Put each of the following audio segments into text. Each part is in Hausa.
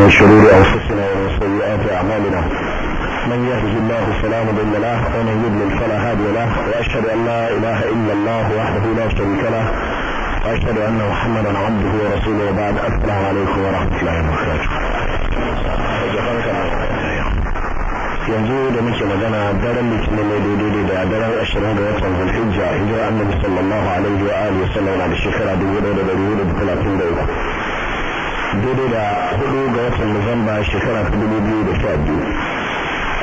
من شرور أنفسنا ومن سيئات أعمالنا من يهده الله فلا مضل له ومن يضلل فلا هادي له وأشهد أن لا إله إلا الله وحده لا شريك له وأشهد أن محمدا عبده ورسوله وبعد السلام عليكم ورحمة الله وبركاته ينزل da muke magana daren الذي kuma mai daidai da daren في الحجة watan zulhijja hijira annabi sallallahu alaihi wa alihi wa sallam a shekara dubu da dari da daidai da hudu ga watan Nuwamba shekara ta dubu biyu da sha biyu.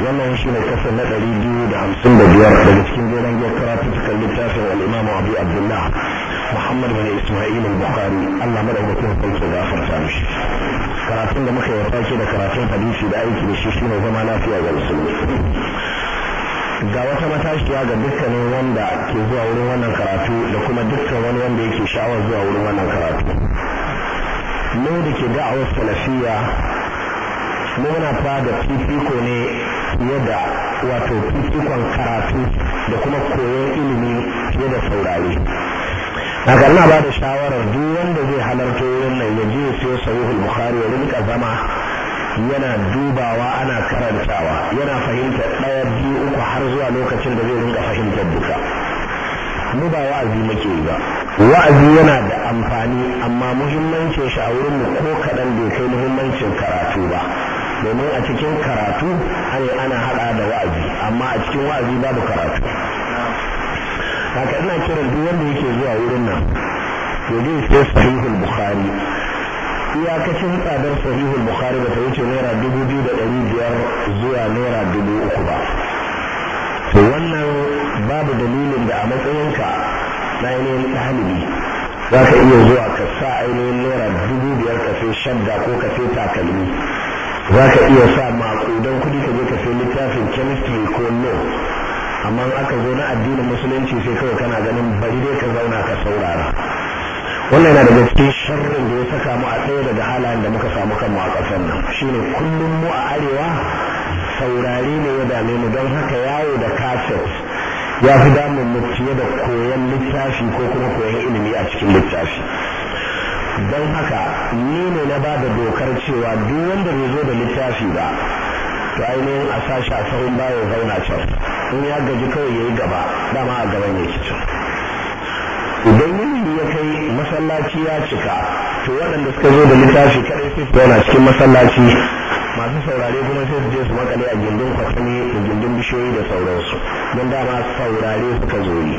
Wannan shi ne kasa na ɗari biyu da hamsin da biyar daga cikin jeren giyar kalli littafin al'imamu Abu Abdullah Muhammad bani Ismail al-Bukhari Allah madaukakin sarki da gafarta mishi. Karatun da muka yi ce da karatun hadisi da aiki da shi shine zama lafiya ga musulmi. ga wata matashiya ga dukkanin wanda ke zuwa wurin wannan karatu da kuma dukkan wani wanda yake sha'awar zuwa wurin wannan karatu mu da ke da'awar salafiya mu muna fa da fifiko ne fiye da wato fifikon karatu da kuma koyon ilimi fiye da saurare haka ina ba da shawarar duk wanda zai halarta wurin nan ya je sai sahihul bukhari ya rinka zama yana dubawa ana karantawa yana fahimtar ɗaya biyu uku har zuwa lokacin da zai rinka fahimtar duka mu ba wa'azi muke yi ba wa'azi yana da amfani amma muhimmancin shi a wurin mu ko kaɗan bai kai muhimmancin karatu ba domin a cikin karatu ne ana haɗa da wa'azi amma a cikin wa'azi babu karatu haka ina kiran duk wanda yake zuwa wurin nan to zai sai sahihul bukhari iyakacin tsadar sahihul bukhari ba ta wuce naira dubu biyu da ɗari biyar zuwa naira dubu uku ba to wannan babu dalilin da a matsayinka ainihin ɗalibi za ka iya zuwa ka sa ainihin naira dubu biyar ka sai shadda ko ka sai takalmi za ka iya sa maƙudan kuɗi ka je ka sai littafin chemistry ko no amma aka zo na addinin musulunci sai kawai kana ganin bari dai ka zauna ka saurara wannan yana daga cikin sharrin da ya saka mu a tsaye daga halayen da muka samu kanmu a ƙasar nan shine kullum mu a arewa saurari ne ya dame mu don haka yawo da kaset ya fi damun mu fiye da koyon littafi ko kuma koyon ilimi a cikin littafi don haka ni ne na ba da dokar cewa duk wanda bai zo da littafi ba to ainihin a sashi a sahun bayan zauna can in ya gaji kawai ya yi gaba dama a gaban ya ci can idan yanayi ya kai masallaci ya cika to waɗanda suka zo da littafi kaɗai sai su zauna cikin masallaci masu saurare kuma sai su je su makale a gindin kwatsami da gindin bishiyoyi da sauransu don dama saurare suka zo yi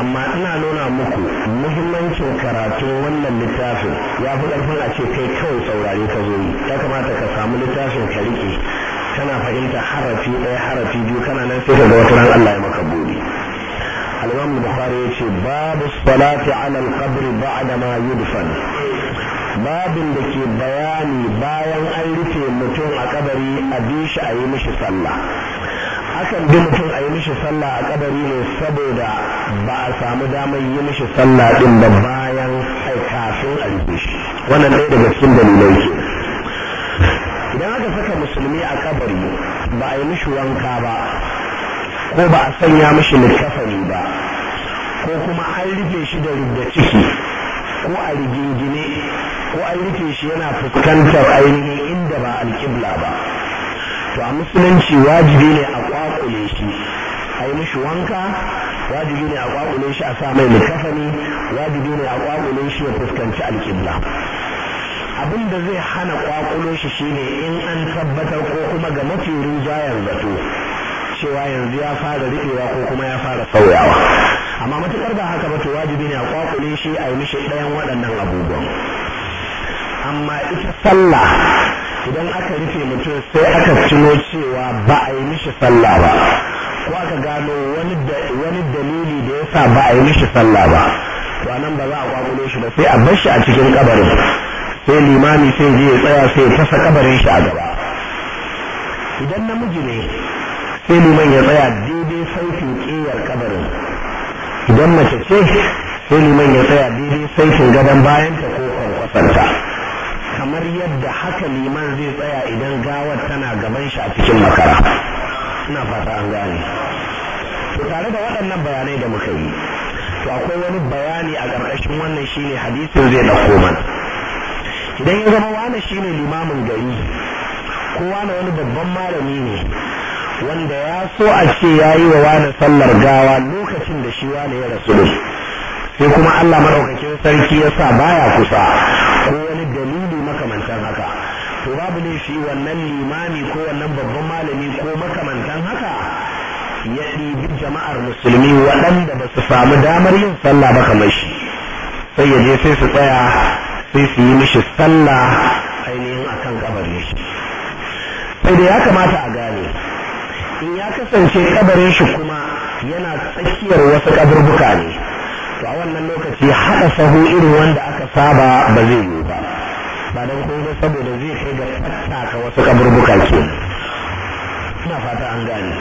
amma ina nuna muku muhimmancin karatun wannan littafin ya fi ƙarfin a ce kai kawai saurare ka zo yi ya kamata ka samu littafin ka riƙe kana fahimta harafi ɗaya harafi biyu kana nan sai ka ga wata ran Allah ya maka buɗe al-imam bukhari yace babu salati ala al-qabr ba'da ma yudfan babin da ke bayani bayan an rufe mutum a kabari a bi shi a yi mishi sallah akan bi mutum a yi mishi sallah a kabari ne saboda ba a samu damar yi mishi sallah din ba bayan kafin a rufe shi wannan ɗaya daga cikin dalilai idan aka saka musulmi a kabari ba a yi mishi wanka ba ko ba a sanya mashi littafani ba ko kuma an rufe shi da rubda ciki ko a rigingine ko an rufe shi yana fuskantar ainihin inda ba alƙibla ba to a musulunci wajibi ne a kwakule shi a yi mashi wanka wajibi ne a kwakule shi a sa mai wajibi ne a kwakule shi ya fuskanci alƙibla abin da zai hana kwakulo shi shine in an tabbatar ko kuma ga mafi rinjayen zato cewa yanzu ya fara rikewa ko kuma ya fara sauyawa amma matukar ba haka ba to wajibi ne a kwakule shi a yi mishi ɗayan waɗannan abubuwan amma ita sallah idan aka rufe mutum sai aka tuno cewa ba a yi mishi sallah ba ko aka gano wani dalili da ya sa ba a yi mishi sallah ba to nan ba za a kwakule shi ba sai a bar shi a cikin kabarin sai limami sai je ya tsaya sai ya fasa kabarin shi a gaba idan namiji ne sai liman ya tsaya daidai saifin ƙeyar kabarin idan mace ce sai liman ya tsaya daidai saifin gadon bayanta ko kwankwasanta kamar yadda haka liman zai tsaya idan gawar tana gaban shi a cikin makara ina fata an gane to tare da waɗannan bayanai da muka yi to akwai wani bayani a ƙarƙashin wannan shine hadisin zai ɗauko mana idan ya zama wani shine limamin gari kowa na wani babban malami ne wanda ya so a ce ya yi wa wani sallar gawa lokacin da shi wani ya rasu da sai kuma Allah maɗaukakin sarki ya sa baya kusa ko wani dalili makamantan haka to babu ne shi wannan limami ko wannan babban malami ko makamantan haka ya ɗibi jama'ar musulmi waɗanda ba su samu damar yin sallah ba kamar shi sai yaje sai su tsaya sai su yi mishi sallah ainihin akan kabarin shi sai da ya kamata a gane in ya kasance kabarin shi kuma yana tsakiyar wasu kaburbuka ne to a wannan lokaci haɗa sahu irin wanda aka saba ba zai yi ba ba don kuma saboda zai kai ga tattaka wasu kaburbuka ke ina fata an gane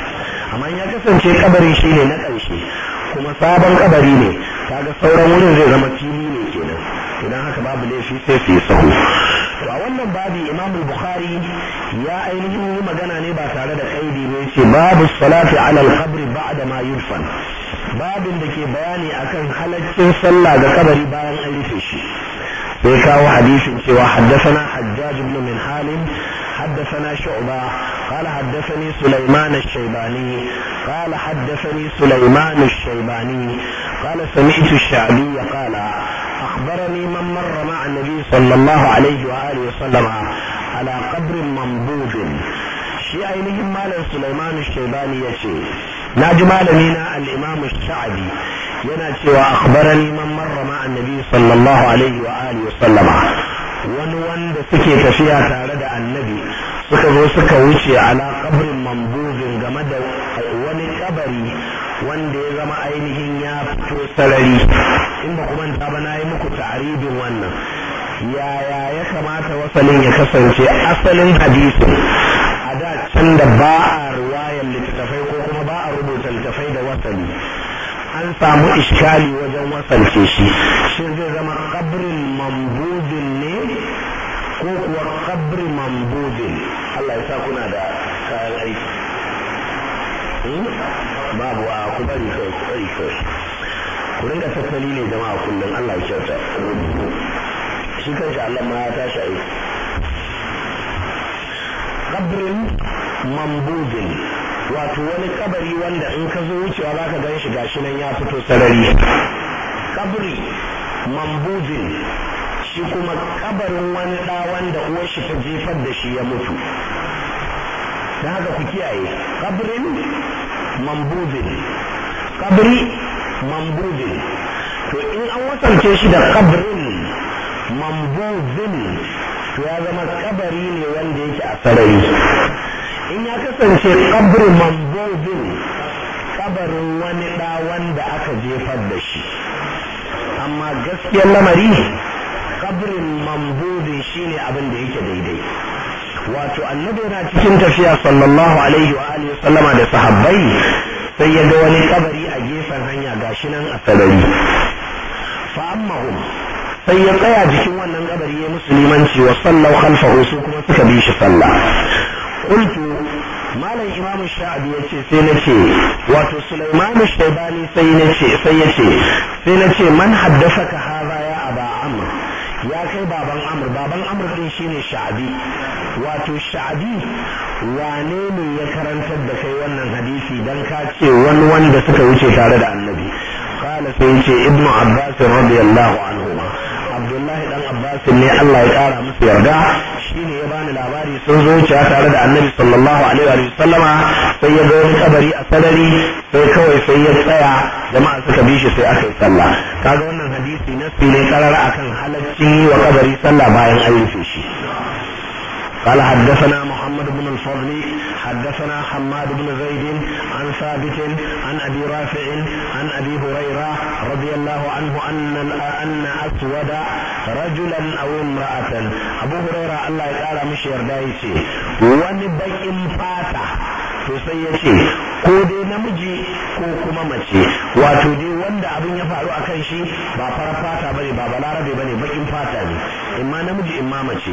amma ya kasance kabarin shi ne na ƙarshe kuma sabon kabari ne kaga sauran wurin zai zama fili ne kenan idan haka babu laifi sai su yi sahu to a wannan babi imam al bukhari ya ainihin yi magana ne ba tare da kaidi ne ce babu salati ala al-qabr ba'da ma yufan babin da ke bayani akan halaccin sallah ga kabari bayan an rufe shi sai kawo hadisin cewa haddathana hajjaj ibn min halim حدثنا شعبة قال حدثني سليمان الشيباني قال حدثني سليمان الشيباني قال سمعت الشعبي قال أخبرني من مر مع النبي صلى الله عليه وآله وسلم على قبر منبوذ shi ainihin malam Sulaiman Shaibani ya ce na ji malami na al Sha'abi yana cewa akhbarani man marra ma annabi sallallahu alaihi wa wa sallama wani wanda suke tafiya tare da annabi suka zo suka wuce ala qabrin game da wani kabari wanda ya zama ainihin ya fito sarari in ba kuma ta ba na yi muku ta'aribin wannan yaya ya kamata wasalin ya kasance asalin hadisin a da can da ba a riwayar littattafai ko kuma ba a rubuta littattafai da wasali an samu iskali wajen wasance shi shi zai zama kabrin mambudin ne ko kuwa kabri mambudin Allah ya sa kuna da kayan aiki babu a ku bari kai, ku bari kawai ku rinka tattali ne jama'a kullum Allah ya kyauta shi kanshi Allah ma ya tashi aiki kabrin mambuzin wato wani kabari wanda in ka zo wucewa za ka gan shi gashi nan ya fito sarari kabri mambuzin shi kuma kabarin wani ɗa wanda uwar shi ta jefar da shi ya mutu da haka ku kiyaye kabrin mambuzin kabri mambuzin to in an wasance shi da kabrin mambuzin to ya zama kabari ne wanda yake a sarari in ya kasance kabrin mambuzin kabarin wani ɗa wanda aka jefar da shi amma gaskiyar lamari kabrin mambuzin shine abin da yake daidai wato annabi yana cikin tafiya sallallahu alaihi wa alihi sallama da sahabbai sai ya ga wani kabari a gefen hanya gashi nan a sarari fa ammahum sai ya tsaya jikin wannan kabari ya musulmanci wa sallau khalfahu su kuma suka bi shi sallah qultu malam imamu sha'abi ya ce sai nace wato sulaimanu shaibani sai na sai yace sai nace man haddasa ka haza ya aba amr ya kai baban amr din shine sha'abi wato sha'abi wane ne ya karantar da kai wannan hadisi dan ka ce wani wanda suka wuce tare da annabi qala sai ce ibnu abbas radiyallahu anhu abdullahi dan abbas ne Allah ya kara musu yarda shine ya bani labari sun zo wuce tare da annabi sallallahu alaihi wa sallama sai ya ga wani kabari a sadari sai kawai sai ya tsaya jama'a suka bi shi sai aka yi sallah kaga hadisi na ne karar akan halacci wa kabari sallah bayan an rufe shi قال حدثنا محمد بن الفضل حدثنا حماد بن زيد عن ثابت عن ابي رافع عن ابي هريره رضي الله عنه ان ان اسود رجلا او امراه ابو هريره الله يقال مش يردايتي ونبئ فاتح sosai ya ce ko dai namiji ko kuma mace wato dai wanda abin ya faru a kan shi ba fara fata bane ba balarabe bane bakin fata ne imma namiji imma mace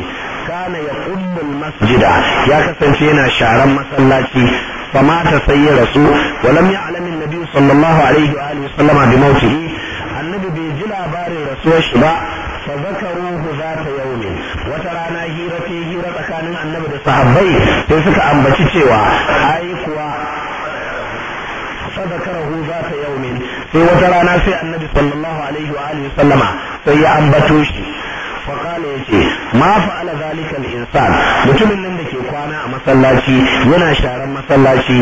kana ya kullul masjida ya kasance yana sharan masallaci famata sai ya rasu walam ya alamin nabi sallallahu alaihi wa alihi sallama bi mautihi annabi bai ji labarin rasuwar shi ba fa zakaruhu zata yaumin wata rana hira ta hira tsakanin annabi da sahabbai sai suka ambaci cewa ai kuwa sadakarahu za ta yaumin sai wata rana sai annabi sallallahu alaihi wa alihi sallama sai ya ambato shi fakala ya ce ma fa'ala zalika al-insan mutumin nan da ke kwana a masallaci yana sharan masallaci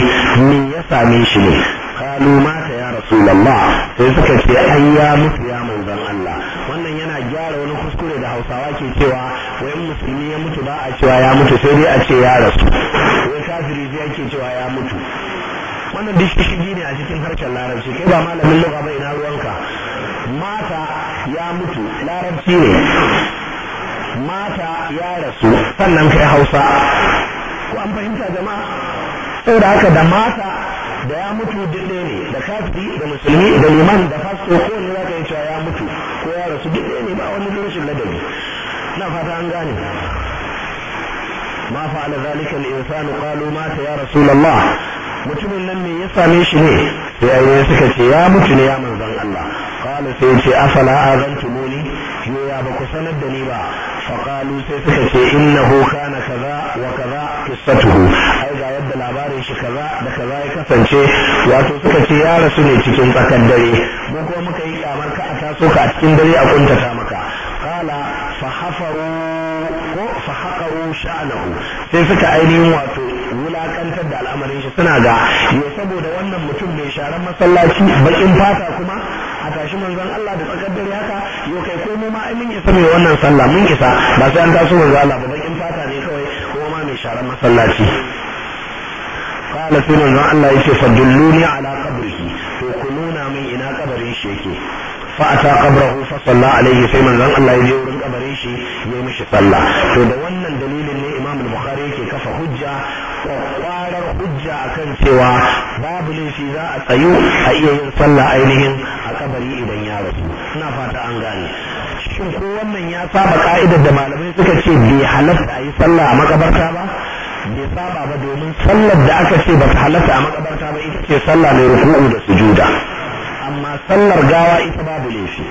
me ya same shi ne kalu mata ya rasulullah sai suka ce ai ya mutu ya manzon Allah wannan yana gyara wani kuskure da Hausawa ke cewa musulmi ya mutu ba a cewa ya mutu sai dai a ce ya rasu wai kafiri zai ake cewa ya mutu wannan shi ne a cikin harshen larabci kai ba malamin lura ba ina ruwanka mata ya mutu larabci ne mata ya rasu sannan kai hausa ko an fahimta jama'a saboda haka da mata da ya mutu duk ne da kafiri da musulmi da liman da fasto ko ne za ka yi cewa ya mutu ko ya rasu duk ne ba wani rashin ladabi na fata an gane ma fa'ala zalika al-insanu qalu mata ya rasulullah mutumin nan me ya same shi ne sai ya suka ce ya mutu ne ya manzon Allah qala sai ya ce afala azantumuni yo ya ba ku sanar da ni ba fa qalu sai suka ce innahu kana kaza wa kaza qissatuhu ai ga yadda labarin shi kaza da kaza ya kasance wato suka ce ya rasu ne cikin tsakar dare mu kuma muka yi kamar ka a taso ka a cikin dare a kuntata kafaru ko sha'nahu sai suka ainihin wato wulakantar da al'amarin shi suna ga ya saboda wannan mutum mai sharan masallaci bakin fata kuma a tashi manzon Allah da tsakar yaka haka yo kai ko mu ma ai mun isa mai wannan sallah mun isa ba sai an taso manzon Allah ba bakin fata ne kawai kuma ma mai sharan masallaci qala sai Allah yace fadulluni ala qabrihi to ku nuna min ina kabarin shi yake fa ata qabrahu fa salla alaihi sai manzon Allah ya je wurin kabarin shi ya yi mishi salla to da wannan dalilin ne Imam Bukhari yake kafa hujja kwarar hujja a kan cewa babu laifi za a tsayu a iya yin sallah ainihin a kabari idan ya rasu ina fata an gane shin ko wannan ya saba ka'idar da malamai suka ce bai halatta a sallah a makabarta ba bai saba ba domin sallar da aka ce ba ta a makabarta ba ita ce sallah mai ruku'u da sujuda amma sallar gawa ita babu laifi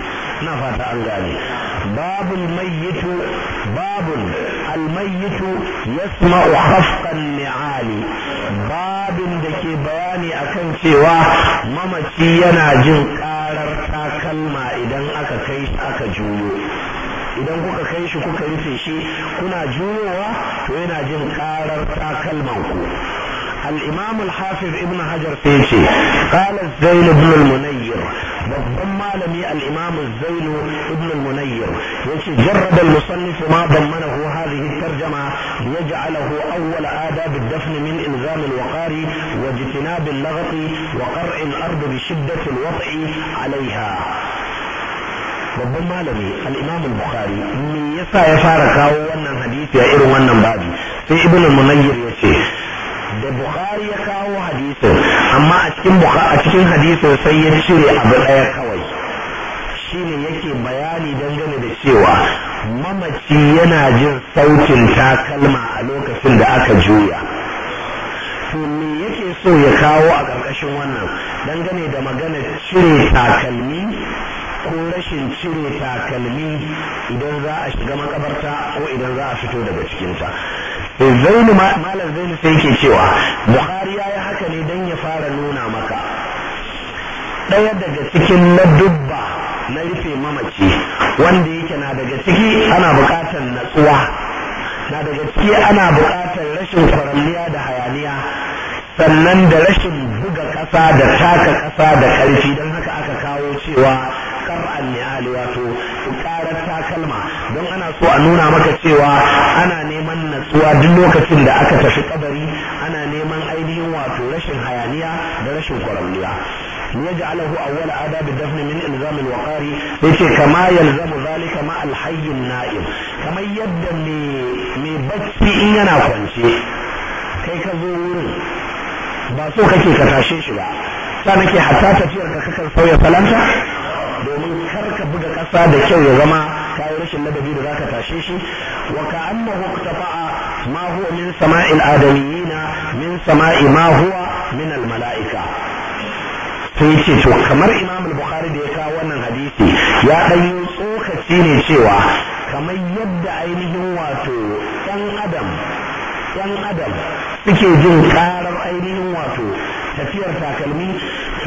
na fata an gane babu mayyitu babu almayyitu yasma'u hafqan ni'ali babin da ke bayani akan cewa mamaci yana jin karar takalma idan aka kai shi aka juyo idan kuka kai shi kuka rufe shi kuna juyowa to yana jin karar takalman ku الإمام الحافظ ابن حجر في شيء قال الزيل بن المنير ضم لم الإمام الزيل ابن المنير يتي جرد المصنف ما ضمنه هذه الترجمة ليجعله أول آداب الدفن من إلزام الوقار واجتناب اللغط وقرع الأرض بشدة الوضع عليها ربما لبي الإمام البخاري من bukhari me وانا ya يا kawo wannan في ابن المنير wannan babi da bukhari ya kawo hadisin amma a cikin a cikin hadisin sai ya cire abu daya kawai shine yake bayani dangane da cewa mamaci yana jin sautin takalma a lokacin da aka juya to me yake so ya kawo a ƙarƙashin wannan dangane da maganar cire takalmi ko rashin cire takalmi idan za a shiga makabarta ko idan za a fito daga cikinta Eh, zainu malam zainu sai yake cewa buhari ya haka ne don ya fara nuna maka ɗaya daga cikin na dubba na rufe mamaci wanda yake na daga ciki ana buƙatar natsuwa na daga ciki ana buƙatar rashin kwaranniya da hayaniya sannan da rashin buga ƙasa da taka ƙasa da ƙarfi don haka aka kawo cewa annabi wato karar ta kalma don ana so a nuna maka cewa ana neman natsuwa duk lokacin da aka tafi kabari ana neman ainihin wato rashin hayaniya da rashin kwararriya ni ya alahu hu awwal adab dafn min ilzam alwaqari ce kama yalzamu zalika ma alhayy alnaim kama yadda ni mai bacci in yana kwance kai ka zo wurin ba so kake ka tashi shi ba sai nake hatta ta jiya ka kasance domin kar ka buga ƙasa da kyau ya zama kayi rashin ladabi da zaka tashe shi wa ka annahu iqtafa'a ma huwa min sama'il adamiyina min sama'i ma huwa min al mala'ika sai ce to kamar imam al-bukhari da ya kawo wannan hadisi ya dan yi tsokaci ne cewa kamar yadda ainihin wato adam ɗan adam suke jin ƙarar ainihin wato tafiyar takalmi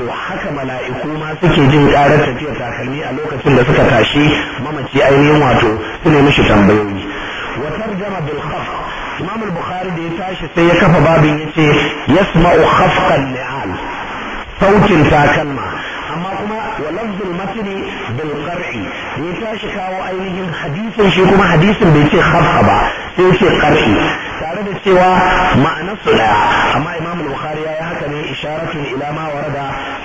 to haka mala'iku ma suke jin ƙarar tafiyar takalmi a lokacin da suka tashi mamaci ainihin wato su ne mishi tambayoyi wa tarjama bil khaf imam al-bukhari da ya tashi sai ya kafa babin yace yasma'u khafqan li'al sautin takalma amma kuma wa lafzul matni bil qar'i ya tashi kawo ainihin hadisin shi kuma hadisin bai ce khafqa ba sai ce qar'i tare da cewa ma'anar su daya amma imam al-bukhari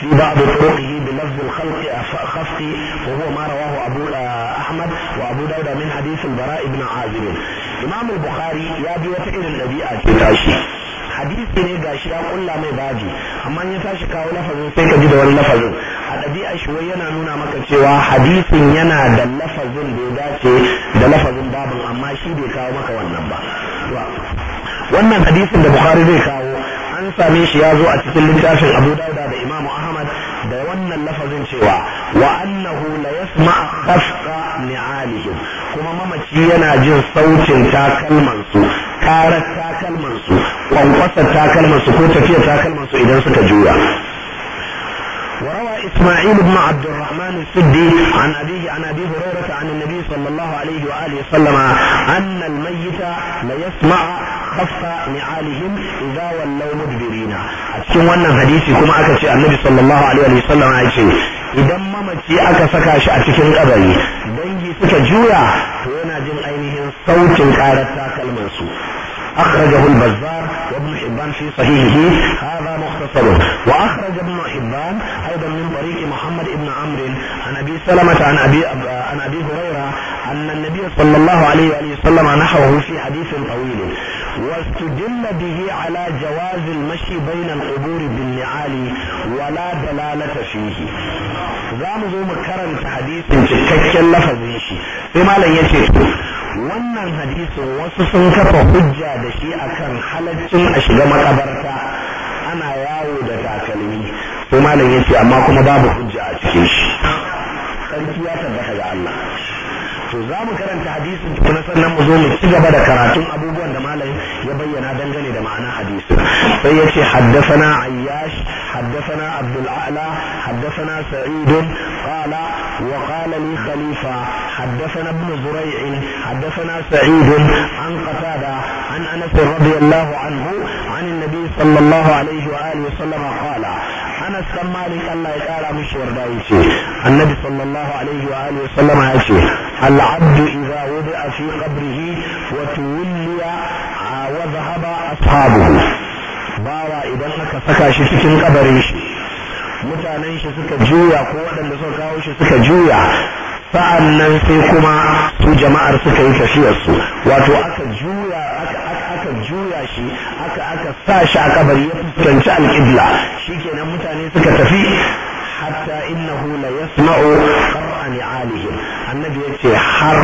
في بعض ركوعه بلفظ الخلق خفق وهو ما رواه أبو أحمد وأبو داود من حديث البراء بن عازم إمام البخاري يا بي وتئر hadisi ne gashi ya kulla mai baji amma ya tashi kawo lafazin sai ka ji da wani lafazin a ɗabi'a shi wai yana nuna maka cewa hadisin yana da lafazin da ya dace da lafazin amma shi bai kawo maka wannan ba wannan hadisin da bukhari zai kawo an same shi ya zo a cikin littafin abu dauda da imam ahmad da wannan lafazin cewa wa annahu la yasma'a qasqa ni'alihim kuma mamaci yana jin sautin takalman su karar takalman su kwankwasa takalman su ko tafiya takalman su idan suka juya إسماعيل بن عبد الرحمن السدي عن أبيه عن أبي هريرة عن النبي صلى الله عليه وآله وسلم أن الميت ليسمع خف نعالهم إذا ولوا مدبرين أتكلم أن الحديث كما أكتشي النبي صلى الله عليه وسلم أتكلم اذا mamaci aka saka shi a cikin kabari dangi suka juya to yana jin ainihin sautin karar takalmansu في صحيحه هذا مختصره واخرج ابن حبان ايضا من طريق محمد بن عمرو عن ابي سلمه عن ابي عن ابي هريره ان النبي صلى الله عليه واله وسلم نحوه في حديث طويل واستدل به على جواز المشي بين القبور بالنعال ولا دلالة فيه za mu في حديث في hadisin cikakken lafazin shi لا malam wannan hadisin wasu sun kafa hujja da shi a kan halaccin a shiga makabarta ana yawo da takalmi su malam yace amma kuma babu hujja a cikin shi sarki ya to za mu karanta hadisin tukuna sannan mu zo mu ci gaba da karatun abubuwan da malam ya bayyana dangane da ma'ana hadisin sai ya ce haddasana ayyash haddasana abdul a'la haddasana sa'id qala wa qala li khalifa حدثنا ابن زريع حدثنا سعيد عن قتادة عن أنس رضي الله عنه عن النبي صلى الله عليه وآله وسلم قال anas san malik Allah ya kara mishi yarda yace annabi sallallahu alaihi wa alihi wasallama yace al abdu idza wudi'a fi qabrihi wa tuwliya wa dhahaba ashabuhu bawa idan aka saka shi cikin kabarin shi mutanen shi suka juya ko waɗanda suka kawo shi suka juya sa'an nan sai kuma su jama'ar suka yi tafiyarsu wato aka juya shi aka aka sa shi a kabari ya fuskanci alƙibla kenan mutane suka tafi hatta innahu la yasma'u qara ni'alihim annabi yace har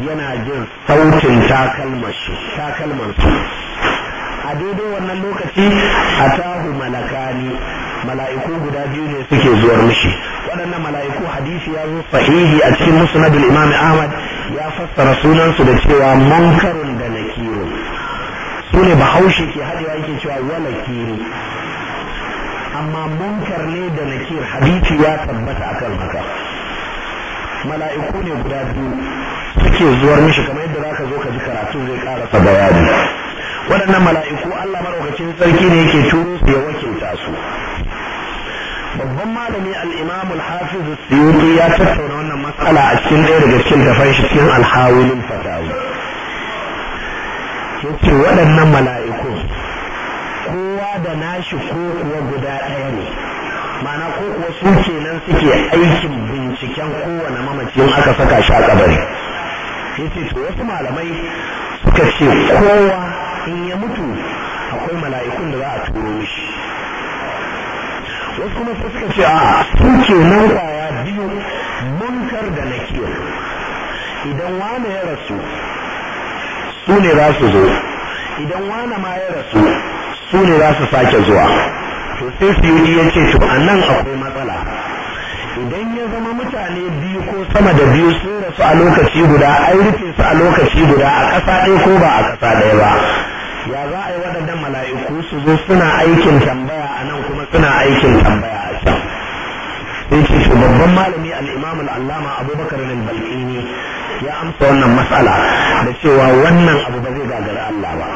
yana jin sautin takalmar shi a daidai wannan lokaci atahu malakani mala'iku guda biyu ne suke zuwar mishi waɗannan mala'iku hadisi ya zo sahihi a cikin musnadul imam ahmad ya fassara sunansu da cewa munkarun da nakirun su ne bahaushe ke hadewa yake cewa wala kiri amma munkar ne da nakir hadisi ya tabbata akan haka mala'iku ne guda biyu suke zuwar mishi kamar yadda zaka zo ka ji karatu zai karasa bayani waɗannan mala'iku Allah madaukakin sarki ne yake turo su ya wakilta su babban malami al-imam al-hafiz as-suyuti ya tattauna wannan matsala a cikin ɗaya daga cikin tafan shi cikin al-hawilin yace waɗannan mala'iku kowa da nashi ko kuwa guda ɗaya ne mana ko kuwa su kenan suke aikin binciken kowane mamaci in aka saka shi a kabari yace to wasu malamai suka ce kowa in ya mutu akwai mala'ikun da za a turo mishi wasu kuma suka ce a su kenan kwaya biyu munkar da nakir idan wane ya rasu su ne za su zo idan wani ma ya rasu su ne za su sake zuwa to sai yi ya ce to a nan akwai matsala idan ya zama mutane biyu ko sama da biyu sun rasu a lokaci guda ai rufe su a lokaci guda a ƙasa ɗaya ko ba a ƙasa ɗaya ba ya za a yi waɗannan mala'iku su zo suna aikin tambaya a nan kuma suna aikin tambaya a can sai ce babban malami al-imam al-allama abubakar al ne. ya amsa wannan matsala da cewa wannan abu ba zai gagari Allah ba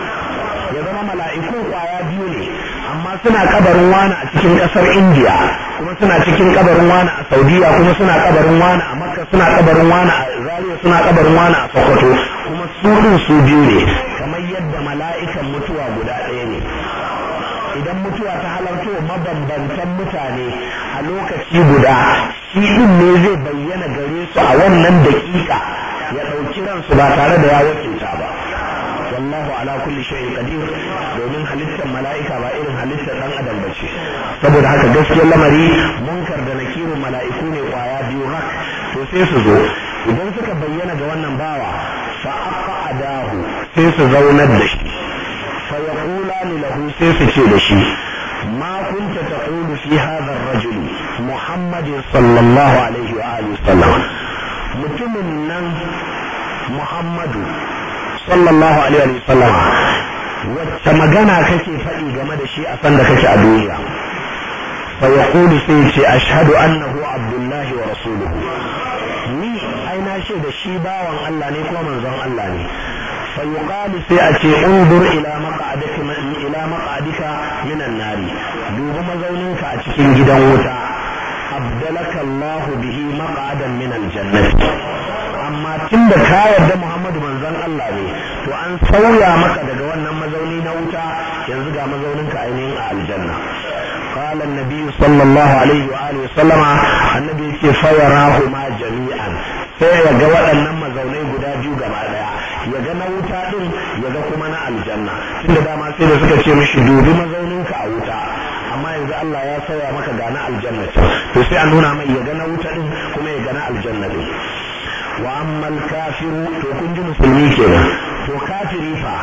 ya zama mala'iku kwaya biyu ne amma suna kabarin wani a cikin kasar Indiya kuma suna cikin kabarin wani a Saudiya kuma suna kabarin wani a Makka suna kabarin wani a Zaria suna kabarin wani a Sokoto kuma su din su biyu ne kamar yadda mala'ikan mutuwa guda ɗaya ne idan mutuwa ta halarto mabambantan mutane a lokaci guda shi ɗin ne zai bayyana gare su a wannan daƙiƙa ya ɗauki ransu ba tare da ya wakilta ba wallahu ala kulli shay'in qadir domin halittar mala'ika ba irin halittar dan adam bace saboda haka gaskiyar lamari munkar da nakirun mala'iku ne kwaya biyu rak to sai su zo idan suka bayyana ga wannan bawa fa aqadahu sai su zaunar da shi fa yaqula lahu sai su ce da shi ma kunta taqulu fi hadha ar-rajul muhammadin sallallahu alaihi wa alihi wasallam mutumin nan muhammadu sallallahu alaihi wa sallam wacce magana kake faɗi game da shi a sanda kake a duniya فيقول سيدي أشهد أنه Abdullahi wa Rasuluhu. ni ai na ce da shi bawan Allah ne kuma manzon Allah ne fa yuqalu sai a ce undur ila maq'adika ila maq'adika minan nari dubi mazauninka a cikin gidan wuta abdalaka Allah bihi maq'adan min al-jannah amma tunda ka yarda Muhammadu manzon Allah ne to an sauya maka daga wannan mazauni na wuta yanzu ga mazauninka ainihin a aljanna قال النبي صلى الله عليه وآله وسلم النبي يقول فيراهما جميعا سيجا waɗannan mazaunai guda biyu gaba daya ya ga na wuta ɗin ya ga kuma na aljanna tunda dama sai da suka ce mashi dubi mazauninka a wuta yanzu Allah ya sauya maka gana aljanna to sai a nuna mai ya gana wuta din kuma ya gana aljanna din wa ammal kafiru to kun ji musulmi kenan to kafiri fa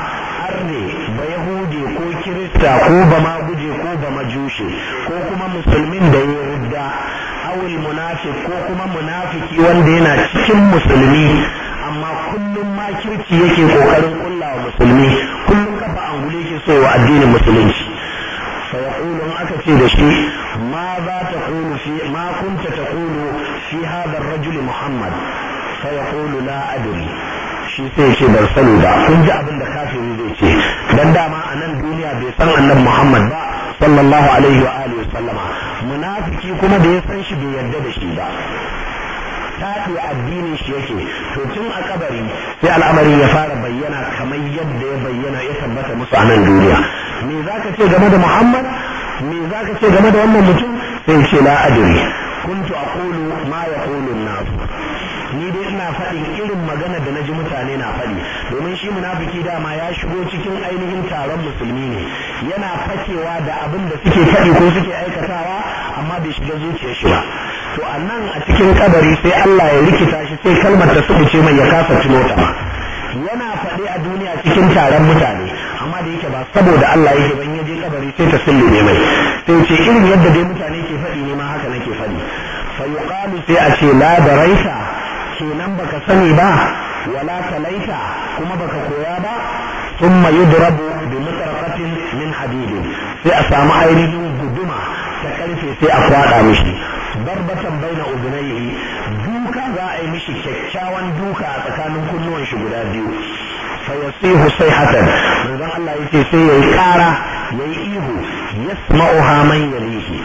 arne ba yahudi ko kirista ko ba ma guje ko ba ma ko kuma musulmin da ya rudda awul munafik ko kuma munafiki wanda yana cikin musulmi amma kullum ma makirci yake kokarin kullawa musulmi kullum kafa angule yake so wa addinin musulunci فيقول ما كتير شيء ماذا تقول في ما كنت تقول في هذا الرجل محمد فيقول لا أدري shi sai ce bar sani ba kun ji abin da kafiri zai ce dan dama a nan duniya bai san annabi Muhammad ba sallallahu alaihi wa alihi sallama munafiki kuma da ya san shi bai yarda da shi ba ce addinin shi yake to tun a kabari sai al'amarin ya fara bayyana kamar yadda ya bayyana ya tabbata musu a nan duniya me za ka ce game da muhammad me za ka ce game da wannan mutum sai ce la adiri kuntu aqulu ma yaqulu an-nas ni dai ina faɗin irin magana da naji mutane na faɗi domin shi munafiki dama ya shigo cikin ainihin taron musulmi ne yana fakewa da abin da suke faɗi ko suke aikatawa amma bai shiga zuciyar shi ba to a nan a cikin kabari sai Allah ya rikita shi sai kalmar ta ce mai ya kasa tuno ta yana faɗi a duniya cikin taron mutane amma da yake ba saboda Allah yake ban ya je kabari sai ta ne mai sai ce irin yadda dai mutane ke faɗi ne ma haka nake faɗi fa yuqalu sai a ce la daraita kenan baka sani ba wala talaita kuma baka koya ba thumma yudrabu bi mutarqatin min hadid sai a samu ainihin guduma ta karfe sai a kwada mishi darbatan baina udunayhi duka za a yi mishi kyakkyawan duka a tsakanin kunnuwan shi guda biyu fa yasihu sayhatan manzon Allah ce sai yayi kara yayi ihu yasma'uha man yalihi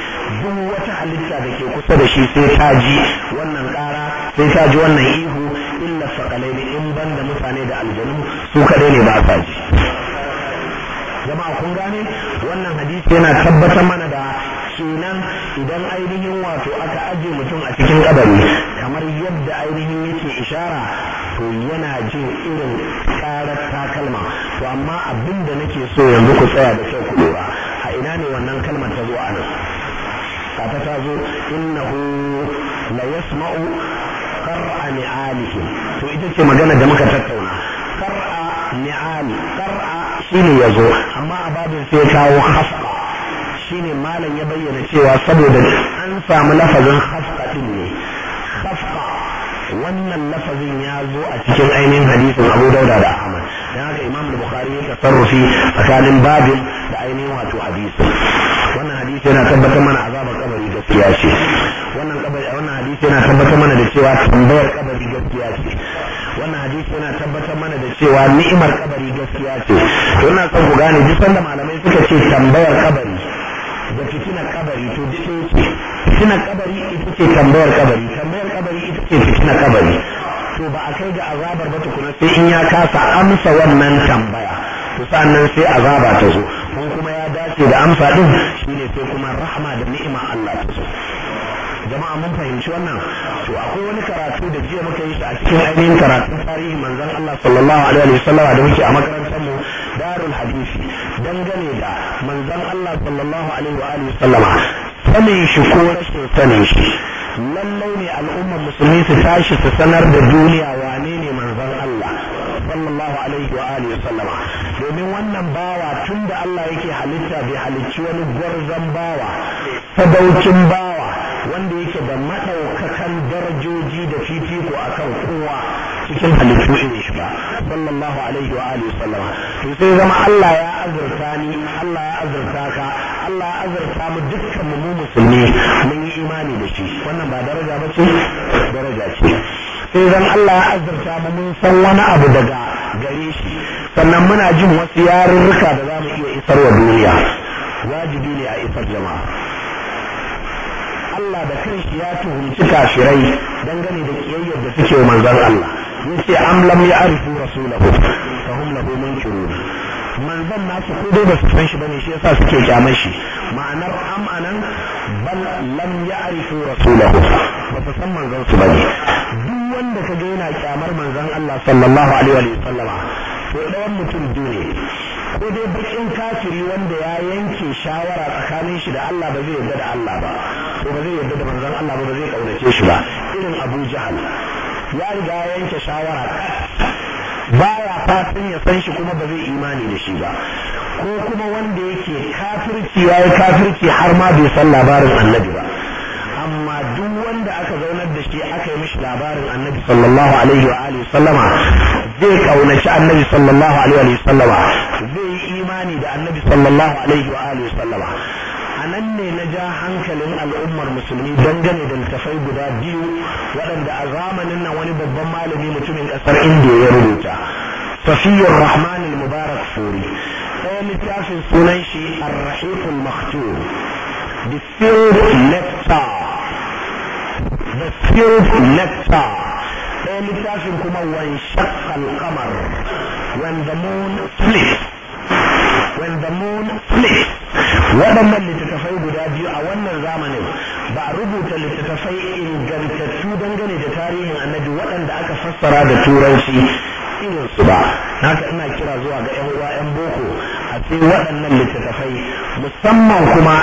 duk wata halitta da ke kusa da shi sai ta ji wannan ƙara sai ta ji wannan ihu illa faqalai in banda mutane da aljanu su kadai ne ba sa ji jama'a kun gane wannan hadisi yana tabbatar mana da kenan idan ainihin wato aka ajiye mutum a cikin kabari kamar yadda ainihin yake ishara to yana jin irin ta takalma to amma abin da nake so yanzu ku tsaya da kyau ku a ina ne wannan kalmar ta zo a nan kata ta zo innahu la yasma'u qara'a ni'alihi to ita ce magana da muka tattauna qara'a ni'ali qara'a shine yazo amma a sai kawo hafqa shine malam ya bayyana cewa saboda an samu lafazin hafqa din ne hafqa wannan lafazin ya zo a cikin ainihin hadisin Abu Dauda da da haka imam ya tasarrufi tsakanin babin da ainihin wato hadisi wannan yana tabbatar mana azabar kabari gaskiya ce wannan kabari yana tabbatar mana da cewa tambayar gaskiya ce wannan hadisi yana tabbatar mana da cewa ni'imar kabari gaskiya ce to ina son ku gane duk da malamai suka ce tambayar kabari da fitinar kabari to duk ce fitinar kabari ita ce tambayar kabari tambayar kabari ita ce fitinar kabari to ba a kai ga azabar ba tukuna sai in ya kasa amsa wannan tambaya to sannan sai azaba ta zo mun kuma ya dace da amsa din shine sai kuma rahma da ni'ima Allah ta zo jama'a mun fahimci wannan to akwai wani karatu da jiya muka yi shi a cikin ainihin karatun tarihi manzon Allah sallallahu alaihi wasallam da muke a makarantar mu darul hadisi dangane da manzon Allah sallallahu alaihi wa sanin shi ko rashin sanin shi lallai ne al'ummar musulmi su tashi su sanar da duniya wane ne manzon Allah sallallahu alaihi wa alihi domin wannan bawa tunda Allah yake halitta bai halicci wani gwarzon bawa sadaukin bawa wanda yake da maɗaukakan darajoji da fifiko akan kowa cikin halittu irin shi ba sallallahu alaihi wa alihi sallama to sai zama Allah ya azurta ni Allah ya azurta ka Allah ya azurta mu dukkan mu musulmi mun yi imani da shi wannan ba daraja ba ce daraja ce sai zan Allah ya azurta mu mun san wani abu daga gare shi sannan muna jin wasu yarurruka da za mu iya isar wa duniya wajibi ne a isar jama'a Allah da kanshi ya tuhumci kafirai dangane da kiyayyar da suke manzon Allah yace am lam ya'rifu rasulahu fa hum lahu munkirun manzon nasu ko dai ba su san shi bane shi yasa suke kyamar shi ma'anar am anan bal lam ya'rifu rasulahu ba su san manzon su bane duk wanda ka ga yana kyamar manzon Allah sallallahu alaihi wa sallama ko dawan mutum dole ko dai bakin kafiri wanda ya yanke shawara tsakanin shi da Allah ba zai yarda da Allah ba ko ba zai yarda da manzon Allah ba ba zai kaunace shi ba irin Abu Jahl ya riga yanke shawara baya fatan ya san shi kuma ba zai imani da shi ba ko kuma wanda yake kafirci ya yi kafirci har ma bai san labarin annabi ba amma duk wanda aka zaunar da shi aka yi mishi labarin annabi sallallahu alaihi wa alihi sallama zai kaunaci annabi sallallahu alaihi wa alihi sallama zai yi imani da annabi sallallahu alaihi wa alihi sallama ne na ja hankalin al'ummar musulmi dangane da littafai guda biyu waɗanda a zamanin nan wani babban malami mutumin ƙasar indiya ya rubuta safiyar rahman al mubarak furi ɗaya littafin sunan shi ar-rahif arrahikul maktur the field lecture the field lecture ɗaya littafin kuma wan shakkal qamar when the moon sleeps wanda waɗannan littattafai guda biyu a wannan zamanin ba rubuta littattafai ingantattu dangane da tarihin annabi waɗanda aka fassara da turanci irin su ba ka ina kira zuwa ga yan uwa yan boko a ce waɗannan littattafai musamman kuma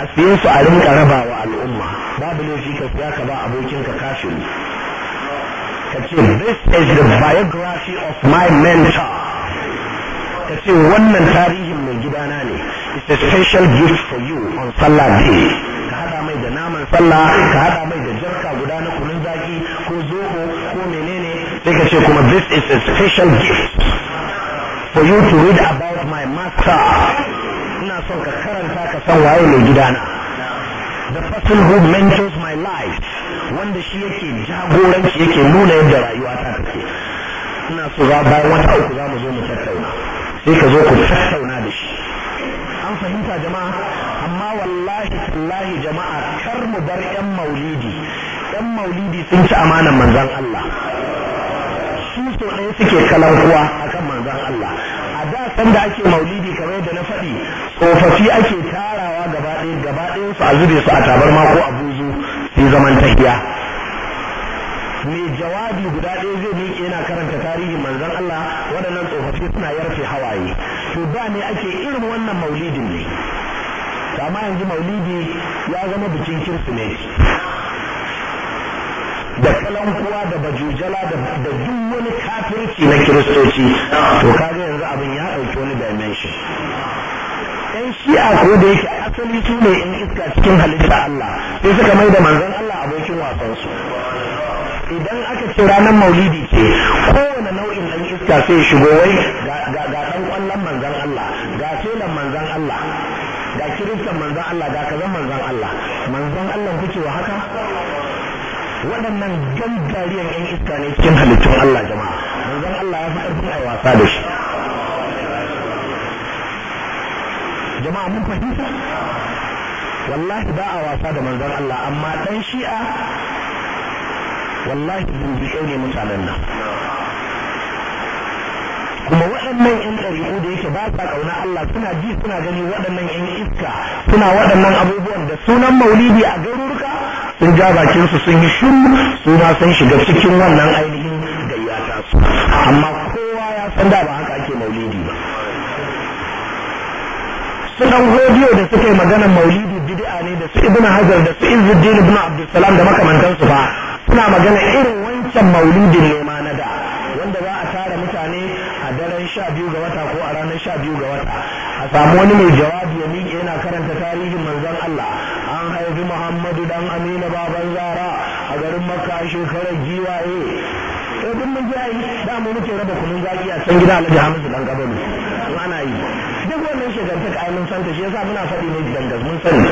a siyan su a rinka rabawa al'umma babu laifi ka siya ka ba abokinka kafin ka ce this is the biography of my mentor ka ce wannan tarihin mai gidana ne it's a special gift for you on sallah day ka hada mai da naman sallah ka hada mai da jarka guda na kunun zaki ko zoho ko menene sai ka ce kuma this is a special gift for you to read about my master ina son ka karanta ka san waye mai gidana the person who mentors my life wanda shi yake jagoranci yake nuna yadda rayuwa ta take ina so za bayan wata uku za mu zo mu tattauna sai ka zo ku tattauna da shi an fahimta jama'a amma wallahi tallahi jama'a kar mu bar yan maulidi yan maulidi sun ci amanan manzan Allah su so ɗaya suke kuwa akan manzan Allah a da sanda ake maulidi kamar yadda na faɗi tsofaffi ake tarawa gaba ɗaya gaba ɗaya su a zube su a tabarma ko a buzu sai zaman tahiya mai jawabi guda ɗaya zai miƙe yana karanta tarihin manzan Allah zo suna yarfe hawaye to ba ne ake irin wannan maulidin ne amma yanzu maulidi ya zama bikin kirsimeti da kalankuwa da bajujala da duk wani kafirci na kiristoci to kaga yanzu abin ya ɗauki wani dimension yan shi'a ko da yake asali su ne in iska cikin halitta Allah sai suka mai da manzon Allah abokin wasansu idan aka ce ranar maulidi ce kowane nau'in ɗan iska sai shigo wai ga ɗan ƙwallon manzan Allah ga telan manzan Allah ga kiristan manzan Allah ga kazan manzan Allah manzan Allah kuke wa haka waɗannan gangariyan 'yan iska ne cikin halittun Allah jama'a manzan Allah ya fi ƙarfin a wasa da shi jama'a mun fahimta wallahi ba a wasa da manzon Allah amma dan shi'a wallahi sun ji ne mutanen nan kuma waɗannan ƴan ɗari'u da yake ba sa ƙauna Allah suna ji suna gani waɗannan ƴan iska suna waɗannan abubuwan da sunan maulidi a garuruka sun ja bakinsu sun yi shiru su ma sun shiga cikin wannan ainihin ya su amma kowa ya san da ba haka ake maulidi ba su ɗan hodiyo da suka yi maganar maulidi bid'a ne da su ibn hajar da su izzuddin ibn abdulsalam da makamantansu ba suna magana irin wancan maulidin nema na da wanda za a tara mutane a daren sha biyu ga wata ko a ranar sha biyu ga wata a samu wani mai jawabi ya miƙe yana karanta tarihin manzon Allah an haifi Muhammadu dan Amina baban Zara a garin Makka shekarar giwaye to duk mun ji da mu muke raba kunun zaki a can gida Alhaji Hamisu dan Kabalu ana yi duk wannan shekartaka ai ainihin santa shi yasa muna faɗi ne dangas mun sani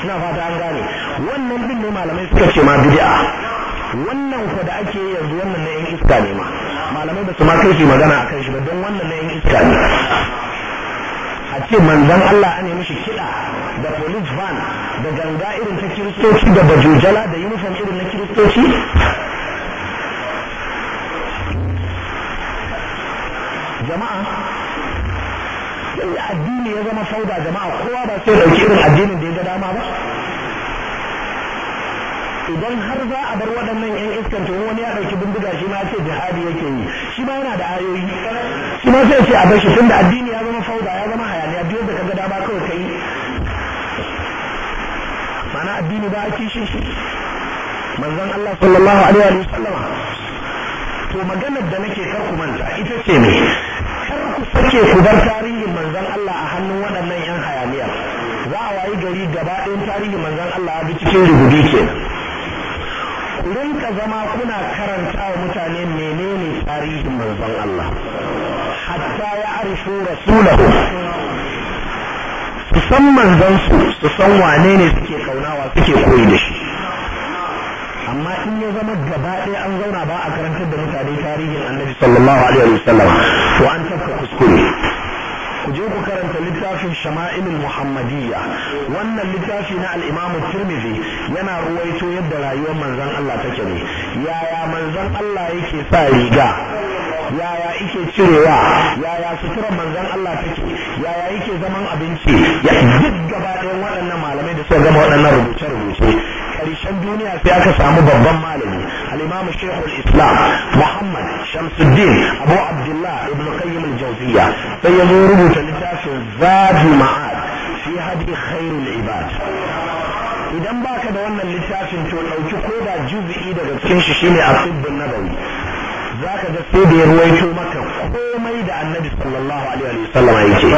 suna fata an gane wannan bin ne malamai suka ce ma bid'a wannan ku da ake yi yanzu wannan na yan iska ne ma malamai ba su ma kai magana a kan shi ba don wannan na yan iska ne a ce manzon Allah an nemi mishi kiɗa da police van da ganga irin ta kiristoci da bajojala da uniform irin na kiristoci jama'a addini ya zama fauda jama'a kowa ba sai ɗauki irin addinin da ya ga dama ba idan har za a bar waɗannan yan iskan to wani ya ɗauki bindiga shi ma ce jihadi yake yi shi ma yana da ayoyi shi ma sai ce a bar shi tunda addini ya zama fauda ya zama hayaniya duk da kaga dama kawai kai ma'ana addini ba a kishin shi manzon Allah sallallahu alaihi wa sallam. to maganar da nake kar ku manta ita ce ne kar ku sake ku bar tarihin manzon Allah a hannun waɗannan yan hayaniya za a wayi gari gaba ɗayan tarihin manzon Allah a cikin rubuce kenan rinka zama kuna karanta wa mutane menene tarihin manzon Allah hatta ya arshu rasulahu su san manzon su su san wane ne suke kaunawa suke koyi da shi amma in ya zama gaba ɗaya an zauna ba a karantar da mutane tarihin annabi sallallahu alaihi wasallam to an tafka kuskure ku je ku karanta littafin shama'ilin muhammadiyya wannan littafi na al-imam tirmidhi yana ruwaito yadda rayuwar manzon Allah take ne yaya manzon Allah yake sa riga yaya yake cirewa yaya suturar manzon Allah take yaya yake zaman abinci ya duk gaba ɗayan waɗannan malamai da suka gama waɗannan rubuce-rubuce ƙarshen duniya sai aka samu babban malami الإمام الشيخ الإسلام محمد شمس الدين أبو عبد الله ابن قيم الجوزية فيزور تلتاف زاد المعاد في هدي خير العباد idan baka da wannan littafin to ɗauki koda da daga cikin shi shine a sibbin nabawi zaka ga sai da ya ruwaito maka komai da annabi sallallahu alaihi wa sallam yake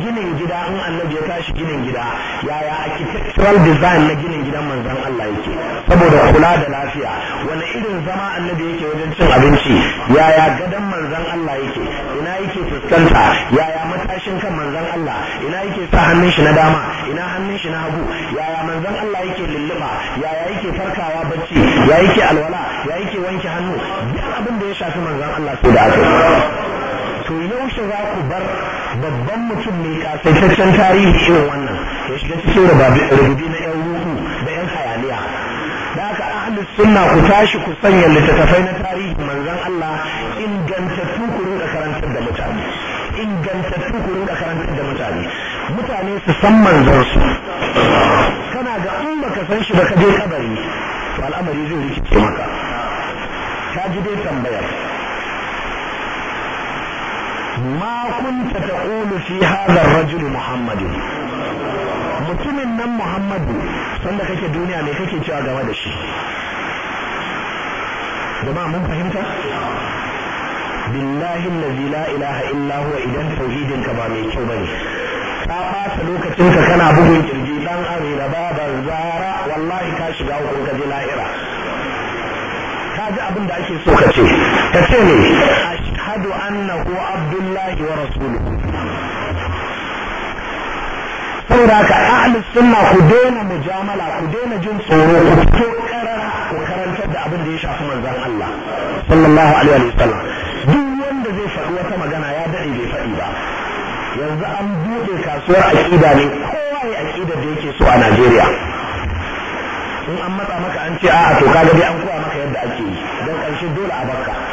ginin gida in annabi ya tashi ginin gida yaya architectural design na ginin gidan manzon Allah yake saboda kula da lafiya wani irin zama annabi yake wajen cin abinci yaya gadon manzon Allah yake ina yake fuskanta yaya matashin kan manzon Allah ina yake sa hannun shi na dama ina hannun shi na hagu yaya manzon Allah yake lulluba yaya yake farkawa bacci ya yake alwala ya yake wanke hannu duk abin da ya shafi manzon Allah sai da aka to yaushe za ku bar babban mutum mai kasaitaccen tarihi irin wannan ya shiga cikin rububi na yan ruhu da yan hayaniya da haka ahlus sunna ku tashi ku sanya littattafai na tarihi manzon Allah ingantattu ku rinka karantar da mutane ingantattu ku rinka karantar da mutane mutane su san manzon su kana ga in baka san shi ba ka je kabari to al'amari zai rikice maka ka ji dai tambayar ma kunta taqulu fi hadha ar-rajul mutumin nan muhammadu sanda kake duniya ne kake cewa game da shi jama'a mun fahimta billahi allazi la ilaha illa huwa idan tauhidin ka ba mai kyau bane ka ɓata lokacin ka kana bugun kirji dan da babar zara wallahi ka shiga hukun ka ji la'ira ka ji abin da ake so ka ce ka ce ne ashhadu annahu abdullahi wa rasuluhu saboda ka ahlus sunna ku daina mujamala ku daina jin tsoro ku fito karara ku karantar da abin da ya shafi manzon Allah sallallahu alaihi wa sallam duk wanda zai faɗi wata magana ya daɗe bai faɗi ba yanzu an buɗe kasuwar aƙida ne kowa ya aƙidar da yake so a Najeriya in an matsa maka an ce a'a to kaga dai an koya maka yadda ake yi don ƙarshe dole a barka.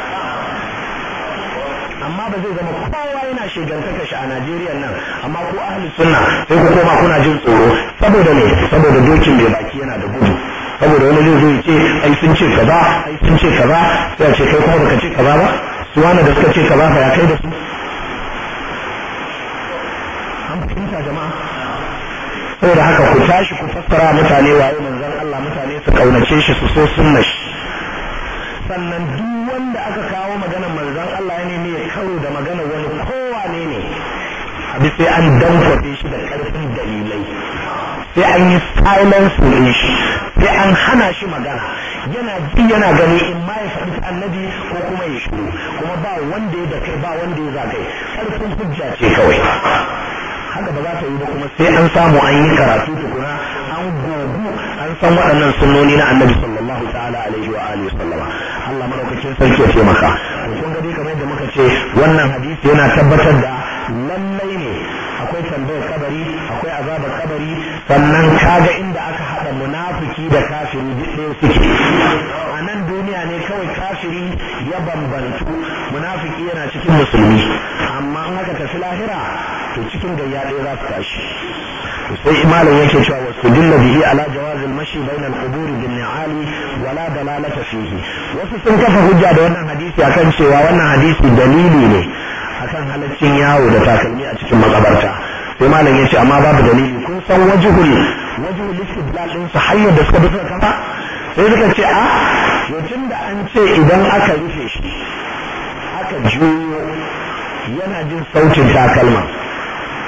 amma ba zai zama kowa yana shigantaka shi a Najeriya nan amma ko ahli sunna sai ku koma kuna jin tsoro saboda ne saboda dokin mai baki yana da gudu saboda wani zai zo ya ce ai sun ce kaza ai sun ce kaza sai a ce kai kuma baka ce kaza ba su wani da suka ce kaza ba ya kai da su an fahimta jama'a saboda haka ku tashi ku fassara mutane waye manzon Allah mutane su kaunace shi su so sunna shi sannan duk wanda aka kawo maganar manzon Allah ya nemi ya bi sai an dankwafe shi da ƙarfin dalilai sai an yi silence ne shi sai an hana shi magana yana ji yana gani in ma ya faɗi annabi ko kuma ya shiru kuma ba wanda ya da ba wanda ya zagaye ƙarfin hujja ce kawai haka ba za ta yi ba kuma sai an samu an yi karatu tukuna an gogu an san waɗannan sunnoni na annabi sallallahu ta'ala alaihi wa alihi sallama Allah madaukakin sarki ya ce maka kun ga dai kamar yadda muka ce wannan hadisi yana tabbatar da lallai ne akwai tambayar kabari akwai azabar kabari sannan kaga inda aka haɗa munafuki da kafiri duk ɗaya suke a nan duniya ne kawai kafiri ya bambantu munafuki yana cikin musulmi amma in haka tafi lahira to cikin gayya ɗaya za su tashi sai imalin yake cewa wasu dilla bihi ala jawazin mashi bainal quburi bin ni'ali wala dalalata fihi wasu sun kafa hujja da wannan hadisi akan cewa wannan hadisi dalili ne akan halaccin yawo da takalmi a cikin makabarta sai malam ya ce amma babu dalili kun san wajhul wajhul istidlal din su hayyar da suka bi kafa sai suka ce a yajin da an ce idan aka rufe shi aka juyo yana jin sautin takalma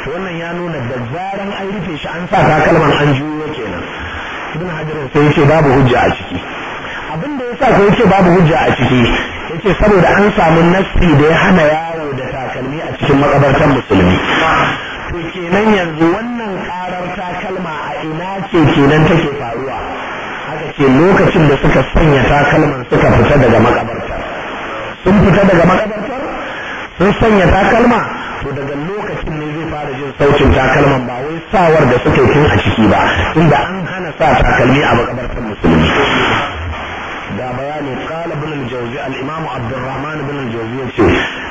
wannan ya nuna da zaran an rufe shi an sa takalman an juyo kenan ibn hajar sai ya ce babu hujja a ciki abinda da ya sa sai ya babu hujja a ciki yace saboda an samu nassi da ya hana ya cikin makabartar musulmi to kenan yanzu wannan karar takalma a ina ce kenan take faruwa aka ce lokacin da suka sanya takalman suka fita daga makabartar sun fita daga makabartar sun sanya takalma to daga lokacin ne zai fara jin saukin takalman ba wai sawar da yi tun a ciki ba inda an hana sa takalmi a makabartar musulmi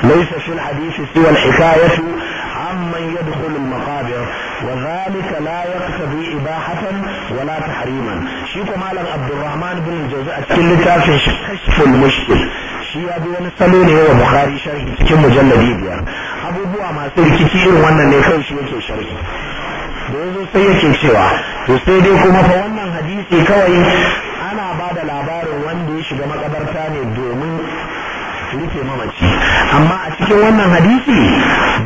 ليس في الحديث سوى الحكاية عمن يدخل المقابر وذلك لا يقتضي إباحة ولا تحريما شيكو مالا عبد الرحمن بن الجوزاء كل تافه كشف المشكل shi ya bi wani salo ne wa bukari sharhi cikin mujalladi biyar abubuwa masu rikici irin wannan ne kawai shi yake sharhi da yanzu sai yake cewa to dai kuma fa wannan hadisi kawai ana ba da labarin wanda ya shiga makabarta ne domin rufe mamaci amma a cikin wannan hadisi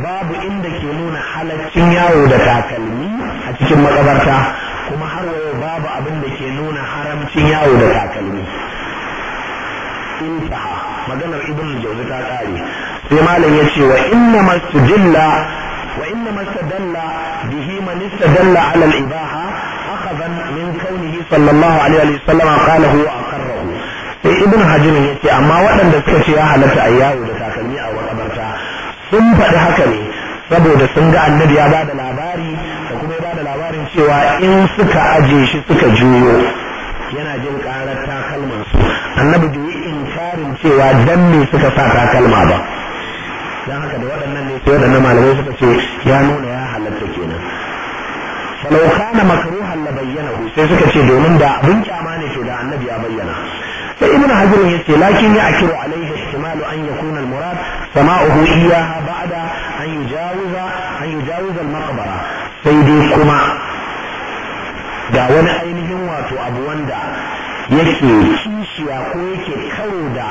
babu inda ke nuna halaccin yawo da takalmi a cikin makabarta kuma har yau babu abin da ke nuna haramcin yawo da takalmi intaha maganar ibn jauzi ta kare sai malam ya ce wa inna masjidilla wa inna bihi man istadalla ala al-ibaha akhadhan min kaunihi sallallahu alaihi wa sallam qala huwa sai ibn hajar ya ce amma waɗanda suka ce ya halatta a yawo da takalmi a makabarta sun faɗi haka ne saboda sun ga annabi ya da labari da kuma ya da labarin cewa in suka aje shi suka juyo yana jin karar takalman su annabi bai yi inkarin cewa dan me suka sa takalma ba dan haka da waɗannan ne sai waɗannan malamai suka ce ya nuna ya halatta kenan falau kana makaruhan la bayyana sai suka ce domin da abin kyama ne to da annabi ya bayyana sai ibn hajar ya ce lakin ya akiru alaihi ihtimalu an yakuna al-murad sama'uhu iyyaha ba'da an yujawiza an yujawiza al-maqbara sai dai kuma ga wani ainihin wato abu wanda yake kishiya ko yake karo da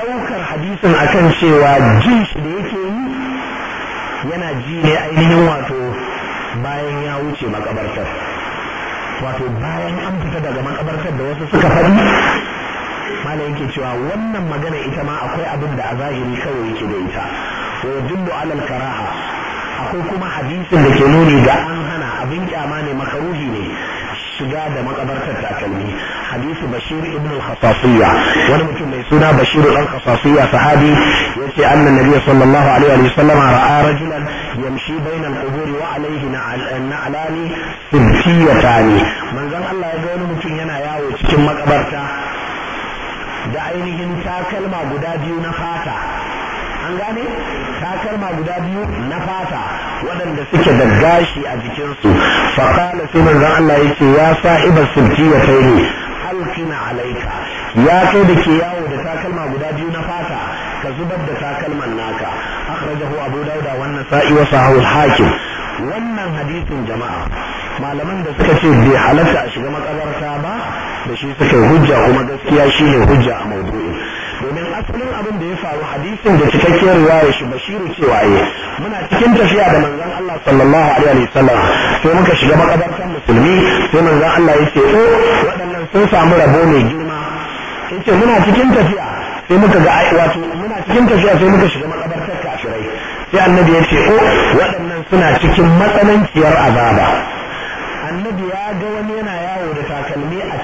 ɗaukar hadisin akan cewa jin shi da yake yi yana ji ne ainihin wato bayan ya wuce makabartar wato bayan an fita daga makabartar da wasu suka faɗi malai yake cewa wannan magana ita ma akwai abin da a zahiri kawai yake da ita to yadullu alal karaha akwai kuma hadisin da ke nuni ga an hana abin kyama ne makaruhi ne shiga da makabartar takalmi hadisi bashir ibn al-khasasiyya wani mutum mai suna bashir ibn al khasasiyya sahabi yace anna nabiy sallallahu alaihi wa sallam ra'a rajulan yamshi bayna al-qubur wa alayhi na'alani sibtiyatani manzon Allah ya ga wani mutum yana yawo cikin makabarta ainihin takalma guda biyu na fata an gane takalma guda biyu na fata waɗanda suke da gashi a jikinsu faƙala sai manzon Allah ya ce ya sa'ibar sulki ya kai ne alkina alaika ya kai da ke yawo da takalma guda biyu na fata ka zubar da takalman naka akhrajahu abu dauda wannan sa'i wa sahul hakim wannan hadisin jama'a malaman da suka ce bai halatta a shiga makabarta ba da shi suka hujja kuma gaskiya shi ne hujja a maudu'in domin asalin abin da ya faru hadisin da cikakkiyar riwaya shi bashiru cewa yi muna cikin tafiya da manzon Allah sallallahu alaihi wasallam sai muka shiga makabartan musulmi sai manzon Allah ya ce o oh, waɗannan sun samu rabo mai girma yace muna cikin tafiya sai muka ga wato muna cikin tafiya sai muka shiga makabartar kafirai sai annabi ya ce o oh, waɗannan suna cikin matsananciyar azaba annabi ya ga wani yana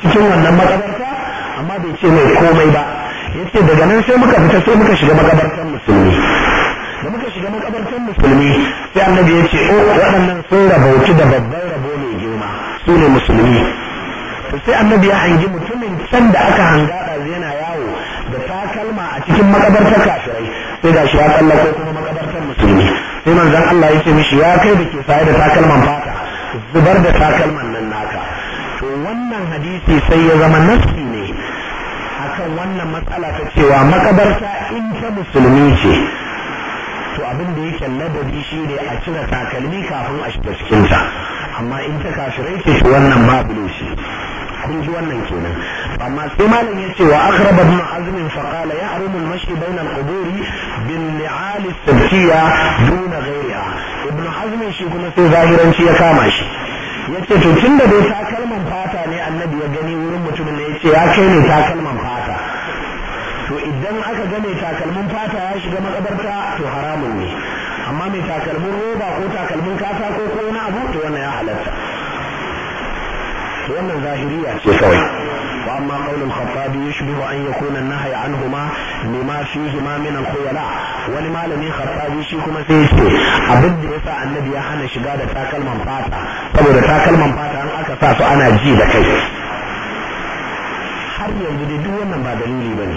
cikin wannan makabarta amma bai ce mai komai ba ya ce daga nan sai muka fita sai muka shiga makabartar musulmi da muka shiga makabartar musulmi sai annabi ya ce o oh, waɗannan sun rabauci da babban rabo mai girma su ne musulmi to sai annabi ya hangi mutumin can da aka hanga yana yawo da takalma a cikin makabartar kafirai sai shi ya ko kuma makabartar musulmi sai manzon Allah ya ce mishi ya kai da ke saye da takalman fata zubar da takalman nan. hadisi sai ya zama nassi ne akan wannan matsala ta cewa makabarta in ta musulmi ce to abin da yake ladabi shi ne a cire takalmi kafin a shiga cikinta amma in ta kafirai ce shi wannan babu shi kun ji wannan kenan amma sai malam ya ce wa akhraba ibn azmin fa qala ya'rumu al-mashi bayna al-quburi bil li'al as-sabtiyya duna ghayriha ibn azm shi kuma sai zahiranci ya kama shi ya ce to tun da dai takalman fata ne annabi ya gani wurin mutumin ne ya ce ya kai ne takalman fata to idan aka gane takalmin fata ya shiga makabarta to haramun ne amma mai takalmin roba ko takalmin katako ko wani abu to wannan ya halatta wannan zahiriya ce kawai واما قول الخطاب يشبه ان يكون النهي عنهما لما فيهما من الخيلاء wani malami khattabi shi kuma sai ce abin da yasa annabi ya hana shiga da takalman fata saboda takalman fata an aka sa su ana ji da kai har yanzu dai duk wannan ba dalili bane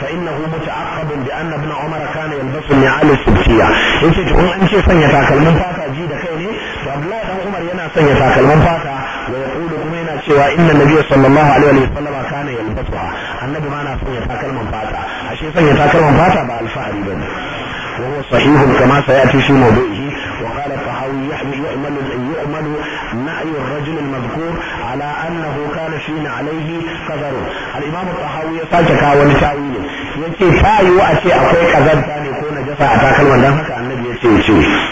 fa innahu muta'aqqabun bi anna ibn umar kana yalbasu ni'al as-sibtiyya yace to an ce sanya takalman fata ji da kai ne abdullahi dan umar yana sanya takalman fata wa yaqulu kuma yana cewa inna nabiyyu sallallahu alaihi wa sallama kana yalbasuha annabi ma na sanya takalman fata ashe sanya takalman fata ba alfahari bane wa huwa sahihun kama sayati fi mawdu'ihi wa qala tahawi yahmi yu'malu yu'malu na'yu ar-rajul al-madhkur ala annahu kana shina alaihi qadaru al-imam at-tahawi ya sake kawo wani tawili yace tayi wa a ce akwai kazanta ne ko najasa a takalman dan haka annabi ya ce ce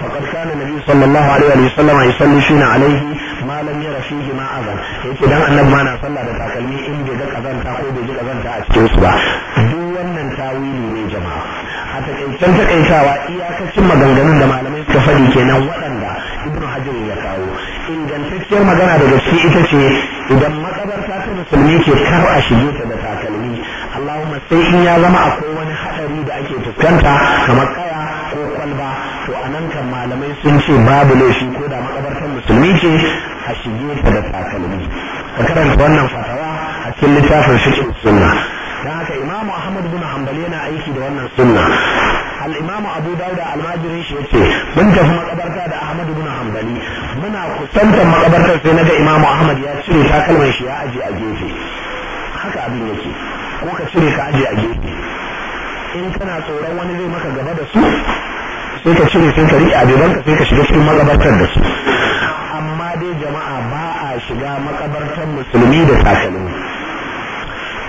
فقد كان النبي صلى الله عليه وسلم يصلي فينا عليه ما لم ير فيه ما أذن yake dan annabi ma na sallah da takalmi in bai ga kazanta ko bai ji kazanta a cikin su ba duk wannan tawili ne jama'a a takaicen takaitawa iyakacin maganganun da malamai suka faɗi kenan waɗanda ibnu hajar ya kawo ingantacciyar magana daga ciki ita ce idan makabarta ta musulmi ke kar a shige ta da takalmi Allahumma sai in ya zama akwai wani haɗari da ake fuskanta kamar kaya ko kwalba malamai sun ce babu laifi ko da makabartar musulmi ce a shige ta da takalmi ka karanta wannan fatawa a cikin littafin fiqh sunna dan haka imamu ahmad bin hanbali yana aiki da wannan sunna al abu dauda al shi shi yace mun tafi makabarta da ahmad bin hanbali muna kusantar makabartar sai naga imamu ahmad ya cire takalman shi ya aje a gefe haka abin yake ko ka cire ka aje a gefe in kana tsoron wani zai maka gaba da su sai ka cire sai ka riƙe abeban ka sai ka shiga cikin makabartar da su amma dai jama'a ba a shiga makabartar musulmi da takalmi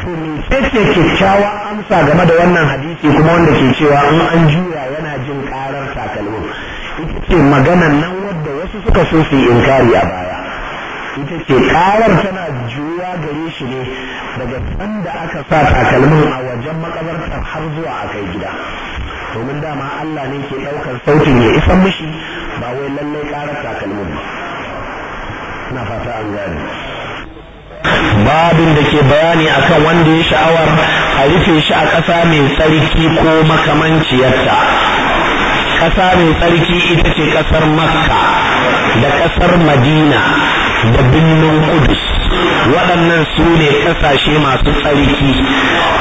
to me ce kyakkyawa amsa game da wannan hadisi kuma wanda ke cewa in an juya yana jin karar takalmin ita ce maganan nan wadda wasu suka so su yi inkari a baya ita ce karar tana juya gare shi ne daga sanda aka sa takalmin a wajen makabartar har zuwa a kai gida domin dama Allah ne ke ɗaukar sautin ya isa mishi ba wai lallai ƙarar takalmi ba na fata an gane babin da ke bayani akan wanda ya sha'awar a rufe shi a ƙasa mai tsarki ko makamanciyarta ƙasa mai tsarki ita ce ƙasar makka da ƙasar madina da birnin kudus waɗannan su ne ƙasashe masu tsarki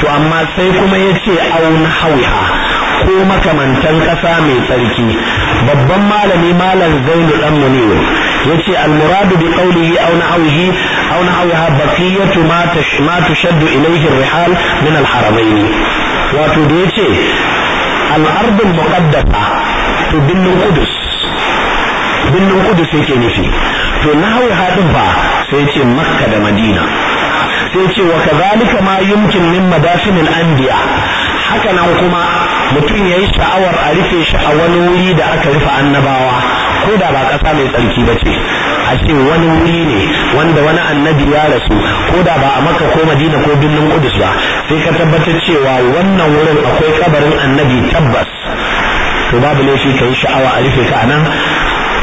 to amma sai kuma ya ce aun hauha ko makamantan ƙasa mai tsarki babban malami malam zainu dan muniyo yace almuradu bi qawlihi aw nahwihi aw nahwiha baqiyatu ma ma tushaddu ilayhi rihal min al-haramain wato da yace al-ard al-muqaddasa to billin qudus billin qudus yake nufi to nahwiha din ba sai yace makka da madina sai yace wa kadhalika ma yumkin min madafin al-anbiya haka nan kuma mutum ya yi sha'awar a rufe shi a wani wuri da aka rufe annabawa ko da ba ƙasa mai tsarki ba ce a ce wani wuri ne wanda wani annabi ya rasu ko da ba a maka ko madina ko birnin kudus ba sai ka tabbatar cewa wannan wurin akwai kabarin annabi tabbas to babu laifi ka yi sha'awa a rufe ka a nan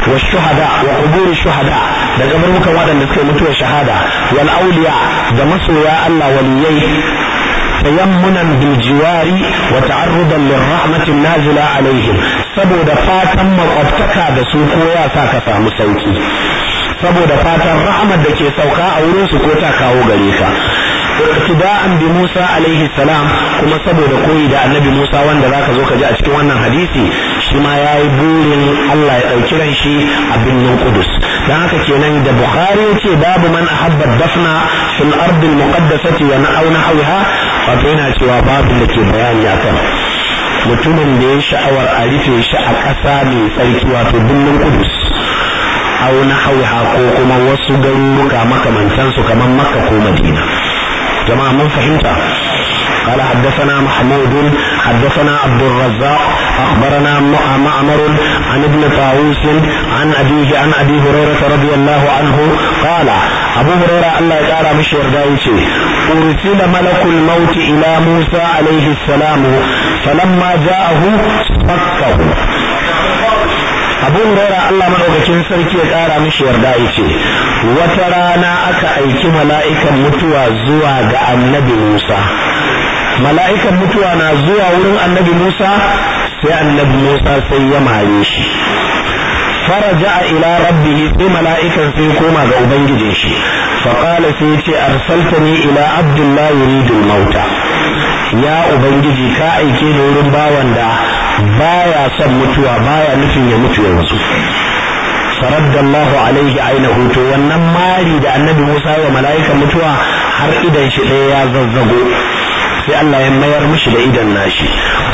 wa shuhada wa qubur shuhada da kabarmukan waɗanda suka mutuwa shahada wal da masoya Allah waliyai تيمنا بالجوار وتعرضا للرحمة nazila عليهم saboda fatan makwabtaka da su ko ya sa ka samu sauki saboda fatan rahmat da ke sauka a wurin su ko ta kawo gare ka ibtida'an bi Musa alaihi salam kuma saboda koyi da Annabi Musa wanda zaka zo ka ji a cikin wannan hadisi shi ma ya yi burin Allah ya ɗauki ran shi a birnin Kudus don haka kenan da Bukhari ya ce babu man ahabba dafna fil ardil muqaddasati wa na'auna hawiha wato yana cewa babu da ke bayani akan mutumin da ya sha'awar a rufe shi a ƙasa mai tsarki wato birnin Kudus auna hauha ko kuma wasu garuruka makamantansu kamar Makka ko Madina jama'a mun fahimta قال حدثنا محمود حدثنا عبد الرزاق أخبرنا معمر عن ابن طاووس عن أبيه عن أبي هريرة رضي الله عنه قال أبو هريرة الله تعالى مش يردائي أرسل ملك الموت إلى موسى عليه السلام فلما جاءه صكه أبو huraira Allah madaukakin sarki ya kara mishi yarda yace wata rana aka aiki mala'ikan mutuwa zuwa ga annabi Musa mala'ikan mutuwa na zuwa wurin annabi Musa sai annabi Musa sai ya mare shi faraja ila rabbi sai mala'ikan sai koma ga ubangijin shi fa qala sai yace arsaltani ila abdullahi yuridul mauta ya ubangiji ka aike ni wurin bawan da baya son mutuwa baya nufin ya mutu yanzu faraddallahu alaihi aina to wannan mari da annabi Musa wa mala'ikan mutuwa har idan shi ɗaya ya zazzago sai Allah ya mayar mishi da idan nashi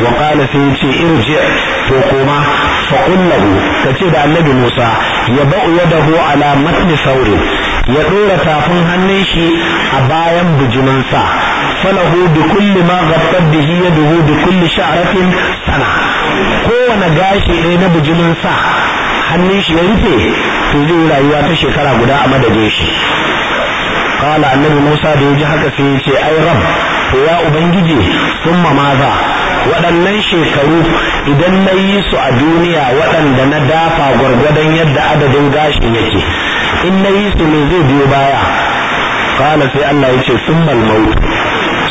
wa qala sai yace irji to koma fa qullahu kace da annabi Musa ya ba'u yadahu ala matni saurin ya dora tafin hannun shi a bayan sa falahu bi kulli ma ghaffat bihi yaduhu bi kulli sha'ratin sana kowane gashi ɗaya na sa hannun shi ya rufe to zai rayuwa ta shekara guda a madadin shi qala annabi Musa da ya ji haka sai ya ce ai rabb to ya sun ma maza waɗannan shekaru idan na yi su a duniya waɗanda na dafa gwargwadon yadda adadin gashin yake in na yi su ne zai biyo baya kala sai Allah ya ce sun malmau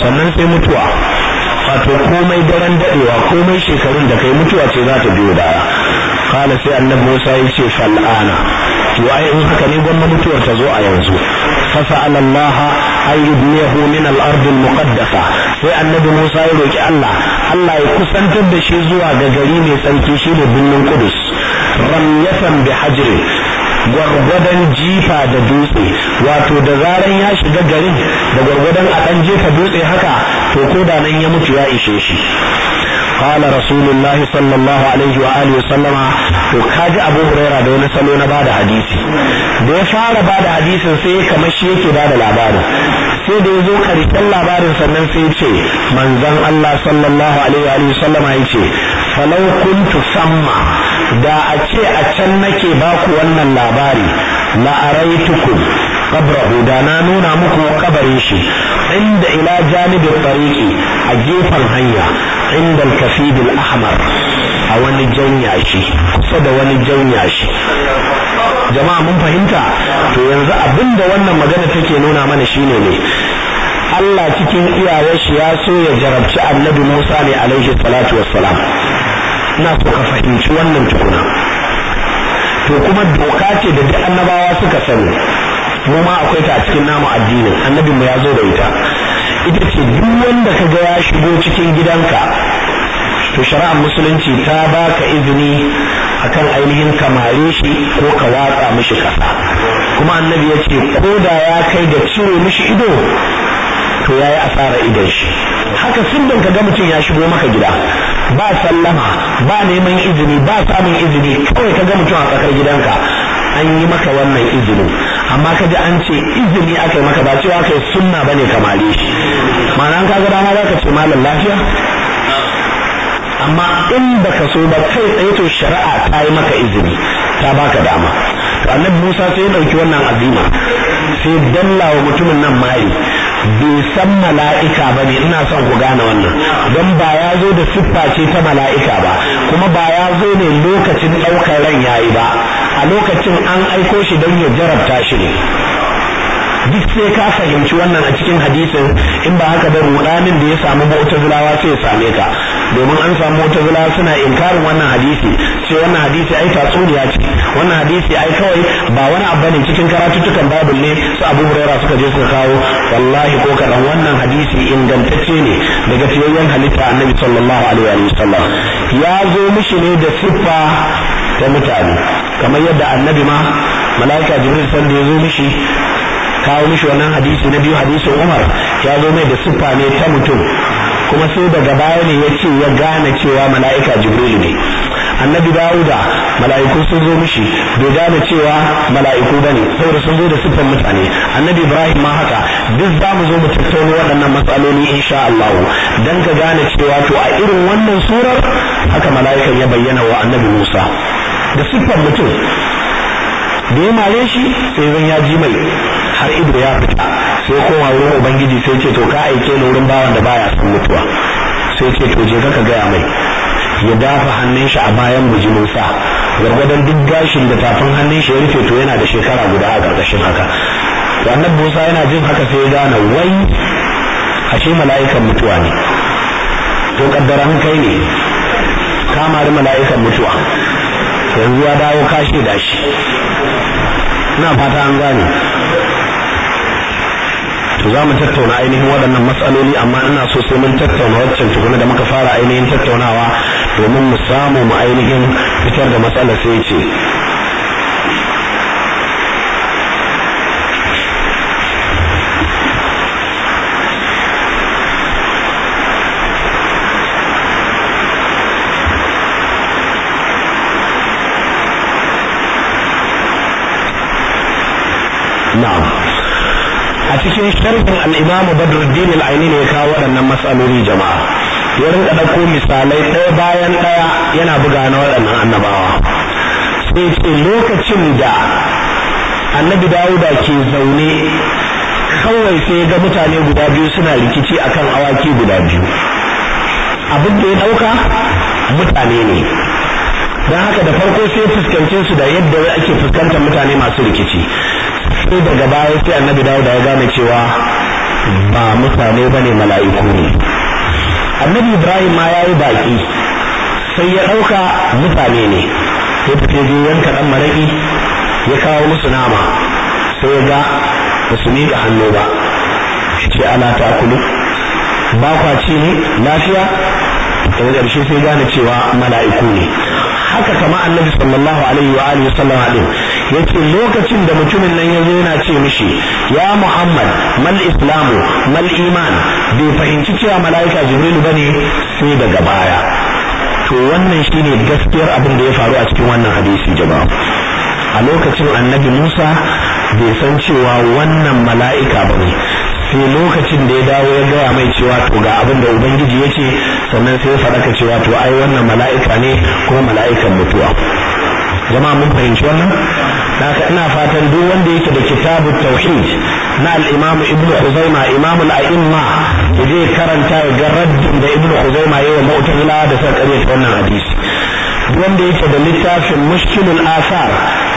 sannan sai mutuwa wato komai daren daɗewa komai shekarun da kai mutuwa ce za ta biyo baya kala sai annabi Musa ya ce fal'ana to ai in haka ne gwamna mutuwar ta zo a yanzu فسأل الله أن يبنيه من الأرض المقدسة sai annabi Musa ya roki Allah Allah ya kusantar da shi zuwa ga gari mai tsarki shi ne birnin Kudus ramyatan bi hajri gwargwadon jifa da dutse wato da zaran ya shiga garin da gwargwadon a ɗan jefa dutse haka to ko nan ya mutu ya ishe shi qala rasulullah sallallahu alaihi wa alihi wasallam to kaji abu huraira da wani salo na bada hadisi da ya fara bada hadisin sai kamar shi yake bada labari sai da ya zo karshen labarin sannan sai ce manzon Allah sallallahu alaihi wa sallama ya falau kuntu samma da a ce a can nake baku wannan labari la araitukum qabrahu na nuna muku kabarin shi inda ila janibi tariqi a gefen hanya inda al-kafid al-ahmar a wani janya kusa da wani janya jama'a mun fahimta to yanzu abinda wannan magana take nuna mana shine ne Allah cikin iyawar shi ya so ya jarabci annabi Musa ne alaihi salatu wassalam ina so ka fahimci wannan tukuna to kuma doka ce da duk annabawa suka sani mu ma akwai ta a cikin namu addinin annabin mu ya zo da ita ita ce duk wanda ka ga ya shigo cikin gidanka to shari'ar musulunci ta baka izini akan ainihin kamare shi ko ka watsa mishi kasa kuma annabi ya ce ko da ya kai da cire mishi ido to ya yi asara idan shi haka sindan ka ga mutum ya shigo maka gida ba sallama ba neman izini ba samun izini kawai ka ga mutum a tsakar gidanka an yi maka wannan izinin amma ka ji an ce izini aka yi maka ba cewa aka yi sunna ba ne kamale shi ma'ana an kaga dama za ka ce malam lafiya amma in baka so ba kai tsaye to shari'a ta yi maka izini ta baka dama annabi Musa sai ya dauki wannan azima sai dalla wa mutumin nan mai bai san mala'ika ba ne ina son ku gane wannan don ba ya zo da siffa ce ta mala'ika ba kuma ba ya zo ne lokacin ɗaukar ran yayi ba a lokacin an aiko shi don ya jarabta shi ne duk sai ka fahimci wannan a cikin hadisin in ba haka da rudanin da ya samu zulawa sai ya same ka domin an samu bauta zulawa suna inkarin wannan hadisi sai wannan hadisi ai tatsuniya ce wannan hadisi ai kawai ba wani abu ne cikin karatuttukan babul ne su Abu Hurairah suka je suka kawo wallahi ko kaɗan wannan hadisi ingantacce ne daga fiyayyen halitta Annabi sallallahu alaihi wasallam ya zo mishi ne da siffa ta mutane kamar yadda annabi ma mala'ika jibril san da ya zo mishi kawo mishi wannan hadisi na biyu hadisin umar ya zo mai da siffa ne ta mutum kuma sai daga baya ne ya ce ya gane cewa mala'ika jibril ne annabi dawuda mala'iku sun zo mishi bai gane cewa mala'iku ba ne saboda sun zo da siffar mutane annabi ibrahim ma haka duk za mu zo mu tattauna waɗannan matsaloli insha Allah dan ka gane cewa to a irin wannan surar haka mala'ikan ya bayyana wa annabi musa da siffar mutum da ya mare shi sai zan ya ji mai har ido ya fita sai koma wurin ubangiji sai ce to ka aike ni wurin bawan da baya sun mutuwa sai ce to je ka gaya mai ya dafa hannun shi a bayan musa gwargwadon duk gashin da tafin hannun shi ya rufe to yana da shekara guda a gargashin haka wannan busa yana jin haka sai ya gane wai ce mala'ikan mutuwa ne to kaddara kai ne kamar mala'ikan mutuwa yanzu ya dawo kashe da shi ina fata an gane to za mu tattauna ainihin waɗannan matsaloli amma ina so sai mun tattauna waccan tukuna da muka fara ainihin tattaunawa domin mu samu mu ainihin fitar da matsalar sai ce na'am a cikin sharhin al-imam badruddin al-aini ne ya kawo waɗannan matsaloli jama'a ya rinka misalai ɗaya bayan ɗaya yana buga na waɗannan annabawa sai ce lokacin da annabi dawuda ke zaune kawai sai ga mutane guda biyu suna rikici akan awaki guda biyu abin da ya ɗauka mutane ne don haka da farko sai fuskance su da yadda ake fuskantar mutane masu rikici sai daga baya sai annabi dawo da ya gane cewa ba mutane bane mala'iku ne annabi ibrahim ma yayi baki sai ya ɗauka mutane ne sai ta je yanka dan maraki ya kawo musu nama sai ga ba su miƙa hannu ba ce ana ta kulu ba kwa ci ne lafiya da ƙarshe sai gane cewa mala'iku ne haka kama annabi sallallahu alaihi wa alihi wasallam yake lokacin da mutumin nan ya zo yana ce mishi ya Muhammad mal islamu mal iman bai fahimci cewa mala'ika jibrilu bane sai daga baya to wannan shine gaskiyar abin da ya faru a cikin wannan hadisi jama'a a lokacin annabi Musa bai san cewa wannan mala'ika ba ne sai lokacin da ya dawo ya gaya mai cewa to ga abin da ubangiji ya ce sannan sai ya faɗaka cewa to ai wannan mala'ika ne kuma mala'ikan mutuwa zama mun fahimci wannan haka ina fatan duk wanda yake da kitabu tauhid na al-imam ibn khuzaima imam al-a'imma je karanta ga raddin da ibn khuzaima yayi wa da sa kare wannan hadisi wanda yake da littafin mushkilul asar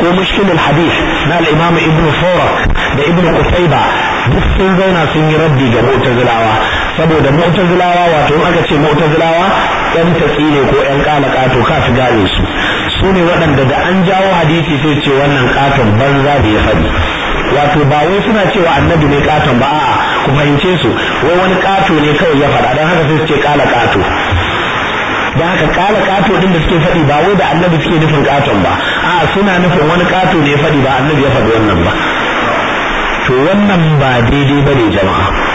ko mushkilul hadith na al-imam ibn da ibn qutayba duk sun zauna sun yi raddi ga mu'tazilawa saboda mu'tazilawa wato in aka ce mu'tazilawa yan tatsi ne ko yan ƙala kato ka fi gane su su ne waɗanda da an jawo hadisi sai ce wannan katon banza da ya faɗi wato ba wai suna cewa annabi ne katon ba a'a ku fahimce su wai wani kato ne kawai ya faɗa don haka sai su ce kala kato don haka kala kato din da suke faɗi ba wai da annabi suke nufin katon ba a'a suna nufin wani kato ne ya faɗi ba annabi ya faɗi wannan ba to wannan ba daidai ne jama'a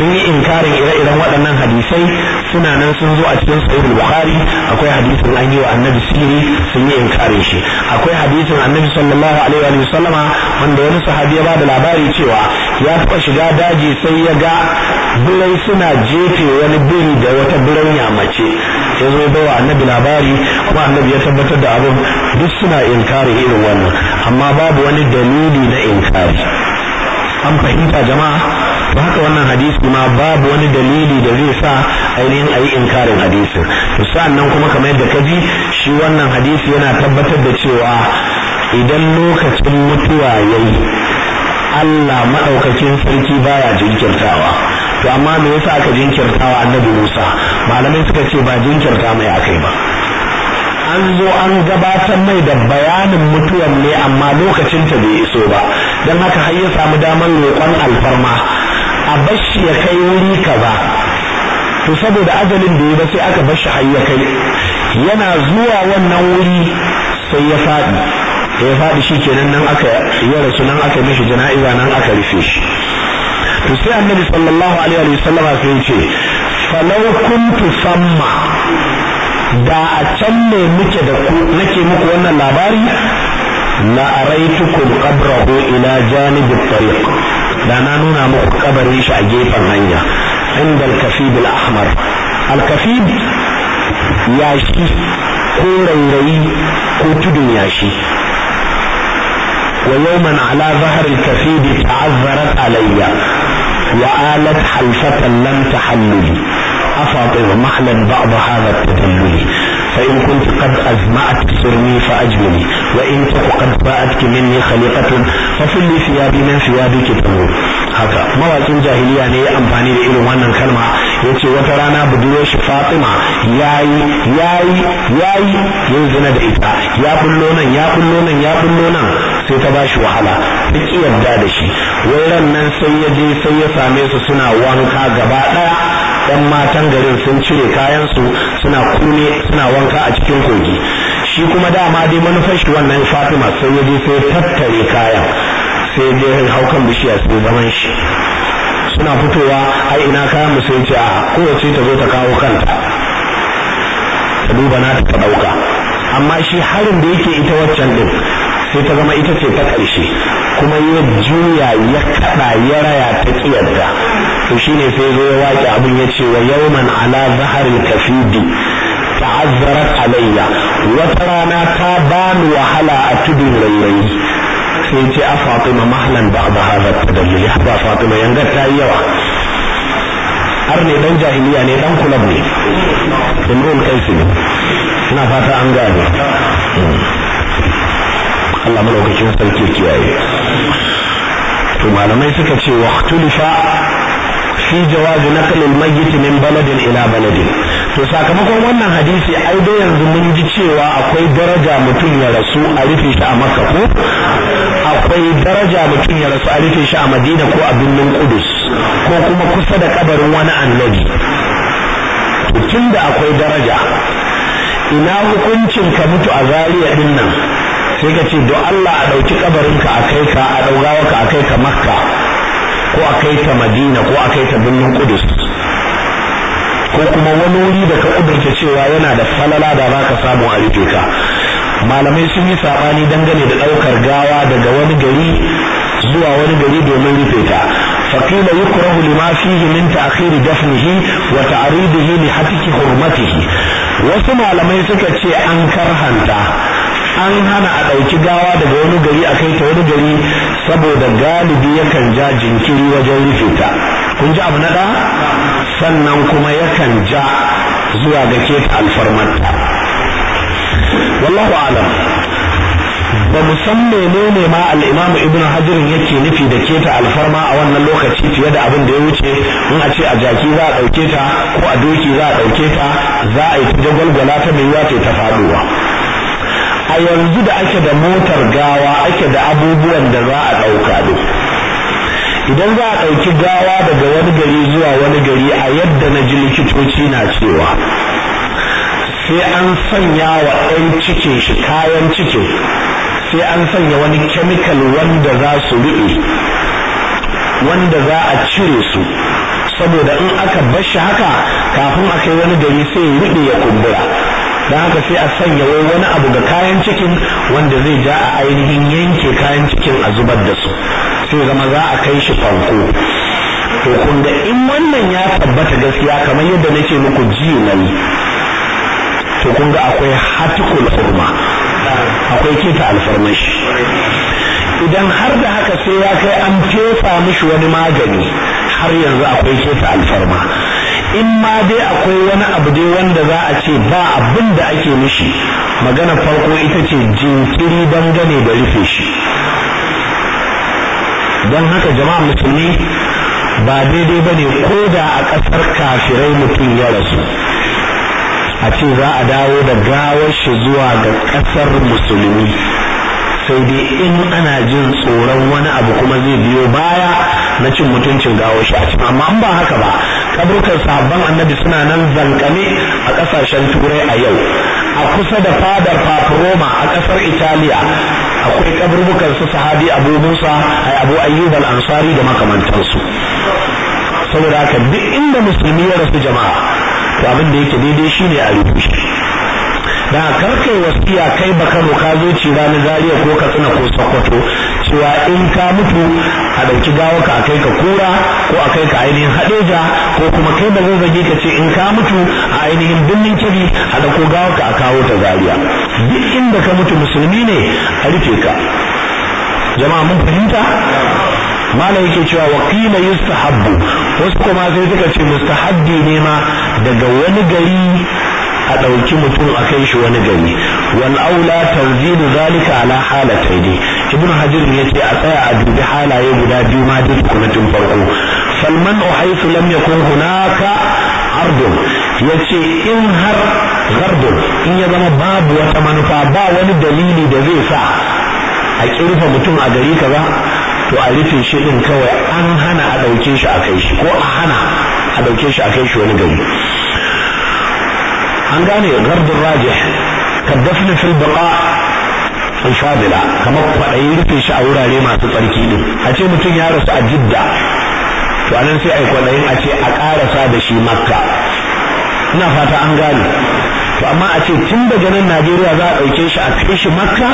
sun yi inkarin ire-iren waɗannan hadisai suna nan sun zo a cikin al bukhari akwai hadisin an yi wa annabi sirri sun yi inkarin shi akwai hadisin annabi sallallahu alaihi wa sallama wanda wani sahabi ya bada labari cewa ya taɓa shiga daji sai ya ga birai suna jefe wani biri da wata biranya mace ya zo bai wa annabi labari kuma annabi ya tabbatar da abin duk suna inkari irin wannan amma babu wani dalili na inkari an fahimta jama'a ba haka wannan hadisi ma babu wani dalili da zai sa ainihin a yi inkarin hadisin to sannan kuma kamar yadda ka ji shi wannan hadisi yana tabbatar da cewa idan lokacin mutuwa ya yi Allah maɗaukakin sarki baya jinkirtawa to amma me yasa aka jinkirtawa annabi Musa malamai suka ce ba jinkirta mai akai ba an zo an gabatar mai da bayanin mutuwan ne amma lokacinta bai iso ba don haka har ya samu damar roƙon alfarma a bashi ya kai wuri kaza to saboda ajalin da ya ba sai aka bashi har ya kai yana zuwa wannan wuri sai ya faɗi sai ya faɗi shi kenan nan aka ya rasu nan aka mishi jana'iza nan aka rufe shi to sai annabi sallallahu alaihi wa sallam sai ce falau kuntu samma da a can ne muke da ku nake muku wannan labari la araitukum qabrahu ila janibi tariq da na nuna muku kabarin shi a gefen hanya inda alkafib al-ahmar alkafib yashi ko rairayi ko tudun yashi ويوما على ظهر الكفيد تعذرت علي وآلت حلفة لم تحللي أفاطر محلا بعض هذا التدلل فإن كنت قد أزمعت سرني فأجملي وإن تك قد فاءتك مني خليقة ثيابي من ثيابك haka mawakin jahiliya ne ya amfani da irin wannan kalma ya ce wata rana budurwar shi fatima yayi yayi yayi da ita ya bullo sai ta bashi wahala duk da shi nan sai ya je sai ya same su suna wanka gaba yan matan garin sun cire kayansu suna kune suna wanka a cikin kogi shi kuma dama dai manufar shi wannan fatima sai ya je sai tattare kayan sai ya je haukan bishiya sai zaman shi suna fitowa ai ina kayan mu sai ce a kowace ta zo ta kawo kanta ta duba na ta ɗauka amma shi harin da yake ita waccan din sai ta zama ita ce ta ƙarshe kuma ya juya ya kaɗa ya raya ta ƙiyarta to shine sai zo ya waƙe abin ya ce wa yawman ala zaharil ta ta'azzarat alayya wata rana ta bani wahala a tudun rairayi sai ce a fatima mahalan ba da hazar tadalli ba fatima yanga ta yi yawa har ne dan jahiliya ne dan kulab ne kai su ne ina fata an gane hmm. Allah malaukakin sarki kiyaye to malamai suka ce wa ikhtulifa fi jawaz naql al-mayyit min baladin ila baladin to sakamakon wannan hadisi ai dai yanzu mun ji cewa akwai daraja mutum ya rasu a rufe shi a Makka ko akwai daraja mutum ya rasu a rufe shi a Madina ko a birnin Kudus ko kuma kusa da kabarin wani annabi tunda akwai daraja ina hukuncin ka mutu a zariya din sai ka ce don Allah a ɗauki kabarinka a kai ka a ka a kai ka makka ko a kai ka madina ko a kai ka birnin kudus ko kuma wani wuri da ka kudurta cewa yana da falala da za ka samu a rike ka malamai sun yi saɓani dangane da ɗaukar gawa daga wani gari zuwa wani gari domin rufe ta فقيل يكره لما فيه من تأخير دفنه وتعريضه لحتك حرمته wasu malamai suka ce an karhanta an hana a ɗauki gawa daga wani gari a kai ta wani gari saboda galibi yakan ja jinkiri wajen rufe ta kun ji abu na ɗa sannan kuma yakan ja zuwa ga keta alfarmarta wallahu alam ba mu san menene ma al'imamu ibn hajirin yake nufi da keta alfarma a wannan lokaci fiye da abin da ya wuce in a ce a jaki za a ɗauke ta ko a doki za a ɗauke ta za a yi ta jagwalgwala ta mai yiwa ta faɗuwa a yanzu da ake da motar gawa ake da abubuwan da za a ɗauka duk idan za a ɗauki gawa daga wani gari zuwa wani gari a yadda na ji likitoci na cewa sai an sanya wa ɗan cikin shi kayan cikin sai an sanya wani kemikal wanda za su riɓe wanda za a cire su saboda in aka bashi haka kafin a kai wani gari sai ya riɓe ya kumbura don haka sai a sanya wai wani abu ga kayan cikin wanda zai ja a ainihin yanke kayan cikin a zubar da su sai zama za a kai shi fanko to kun ga in wannan ya tabbata gaskiya kamar yadda nake muku ji nan to kun ga akwai hatikul hurma akwai keta alfarmashi idan har da haka sai ya kai an fefa mishi wani magani har yanzu akwai kefa alfarma in ma dai akwai wani abu dai wanda za a ce ba abin da ake mishi magana farko ita ce jinkiri dangane da rufe shi don haka jama'a musulmi ba daidai ba ne ko da a ƙasar kafirai mutum ya rasu a ce za a dawo da gawar shi zuwa ga ƙasar musulmi sai dai in ana jin tsoron wani abu kuma zai biyo baya na cin mutuncin gawar shi a cikin amma ba haka ba kaburkan sahabban annabi suna nan zankame a kasashen turai a yau a kusa da fadar papiroma a kasar italiya akwai kaburbukan su sahabi abu musa ai abu ayyub al-ansari da makamantansu saboda haka duk inda musulmi ya rasu jama'a to abin da yake daidai shine a rubuce da karkai wasiya kai baka roka zuci ranar zariya ko katsina ko sokoto cewa in ka mutu a ɗauki gawaka a kai ka kura ko a kai ka ainihin haɗeja ko kuma kai da zazzage ka ce in ka mutu a ainihin birnin kiri a ɗauko gawaka a kawo ta zariya duk inda ka mutu musulmi ne a rufe ka jama'a mun fahimta malam yake cewa wakila yustahabbu wasu kuma sai suka ce mustahabbi ne ma daga wani gari a ɗauki mutum a kai shi wani gari wal aula ذلك على حالتين ابن حجر يتي أتاع أدب حالا يبدا بما دي كنت الفرق فالمنع حيث لم يكن هناك عرض يتي إن هر غرض إن يزم باب وتمنفع با ولدليل دليل أكيرف متون أدريك با to a rufe shi din أن an hana a ɗauke shi a kai shi أكيش a hana غرض الراجح shi في البقاء fadila kamar kwaɗayi rufe shi a wurare masu tsarki ɗin a ce mutum ya rasu a jidda to anan sai a yi kwaɗayin a ce a ƙarasa da shi makka ina fata an gane to amma a ce tun daga nan najeriya za a ɗauke shi a kai shi makka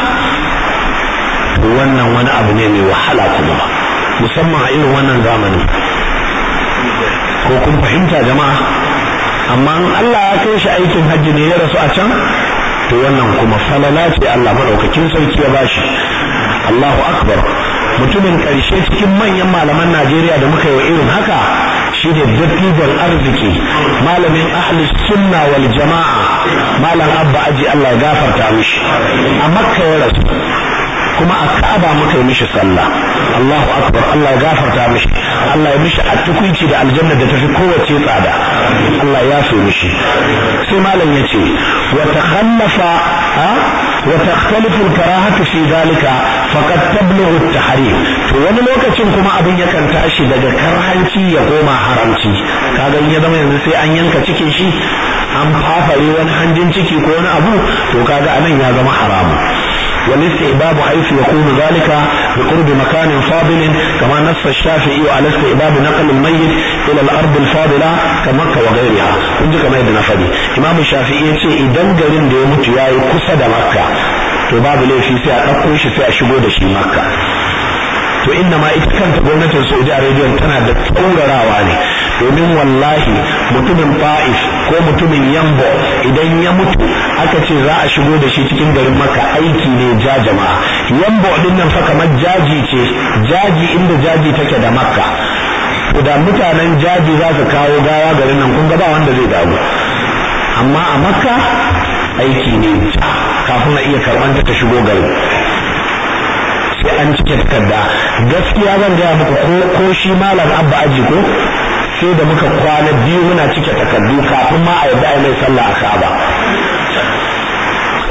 to wannan wani abu ne mai wahala kuma musamman a irin wannan zamani ko kun fahimta jama'a amma Allah ya kai shi aikin hajji ne ya rasu a can to wannan kuma falala ce Allah madaukakin sarki ya bashi Allahu akbar mutumin karshe cikin manyan malaman Najeriya da muka yi irin haka shi ne dattijan arziki malamin ahli sunna wal jama'a malam abba aji Allah ya gafarta mishi a makka ya rasu kuma a ka'aba muka yi mishi sallah Allahu akbar Allah ya gafarta mishi Allah ya mishi atukunci da aljanna da tafi kowace tsada Allah ya so mishi sai malam ya ce wa takhallafa wa takhtalifu karahatu fi dhalika faqad tablughu at-tahrim to wani lokacin kuma abin yakan tashi daga karhanci ya koma haramci kaga in ya zama yanzu sai an yanka cikin shi an fafare wani hanjin ciki ko wani abu to kaga anan ya zama haramu والاستئباب حيث يكون ذلك بقرب مكان فاضل كما نص الشافعي على استئباب نقل الميت إلى الأرض الفاضلة كمكة وغيرها كنت كما يدنا فدي إمام الشافعي يقول إذن قرن ديومت ياي كسد مكة to babu laifi sai a ɗauko shi sai a shigo da shi makka to inda ma ita kanta gwamnatin saudi arabia tana da tsaurarawa ne domin wallahi mutumin fa'is ko mutumin yambo idan ya mutu aka ce za a shigo da shi cikin garin maka aiki ne ja jama'a yambo din nan fa kamar jaji ce jaji inda jaji take da makka da mutanen jaji za su kawo gawa garin nan kun ga ba wanda zai damu amma a makka aiki ne kafin a iya karɓanta ta shigo garin sai an cike takarda gaskiya zan gaya muku ko shi malam abba aji ko sai da muka kwana biyu muna cike takardu kafin ma a yadda mai sallah a Ka'aba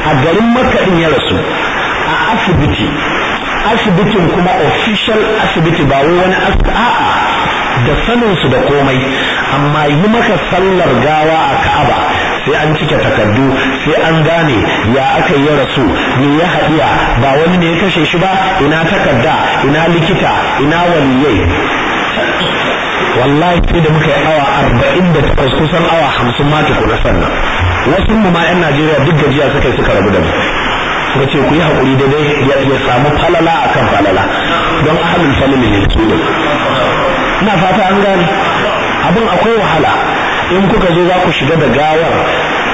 a garin Makka din ya rasu a asibiti asibitin kuma official asibiti ba wani wani a'a da sanin su da komai amma yi maka sallar gawa a Ka'aba sai an cike takardu sai an gane ya aka yi rasu me ya haɗiya ba wani ne ya kashe shi ba ina takarda ina likita ina waliyai wallahi sai da muka yi awa arba'in da takwas kusan awa hamsin ma na sannan wasu mu ma yan najeriya duk gajiya suka yi suka rabu da mu suka ce ku yi haƙuri dai ya samu falala a kan falala don ahalin falili ne su ne ina fata an gane abin akwai wahala in kuka zo za ku shiga da gawar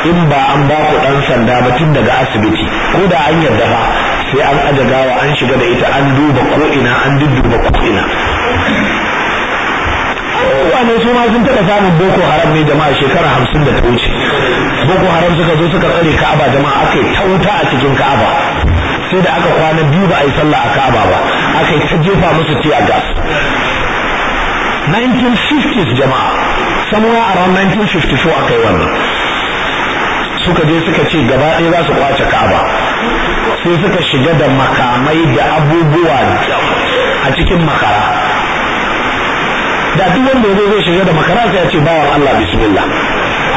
in ba an ba ku ɗan sanda ba tun daga asibiti ko da an yarda ba sai an aja gawa an shiga da ita an duba ko ina an dudduba ko ina uwane su ma sun taɓa samun boko haram ne jama'a shekara hamsin da ta wuce boko haram suka zo suka tsare ka'aba jama'a aka yi ta wuta a cikin ka'aba sai da aka kwana biyu ba a yi sallah a ka'aba ba aka yi ta jefa musu ce a gas 1950s jama'a a ran 1954 aka yi wannan suka je suka ce gaba ɗaya za su kwace ka'aba sai suka shiga da makamai da abubuwa a cikin makara da duk wanda ya zo zai shiga da makaranta ya ce bawan Allah bismillah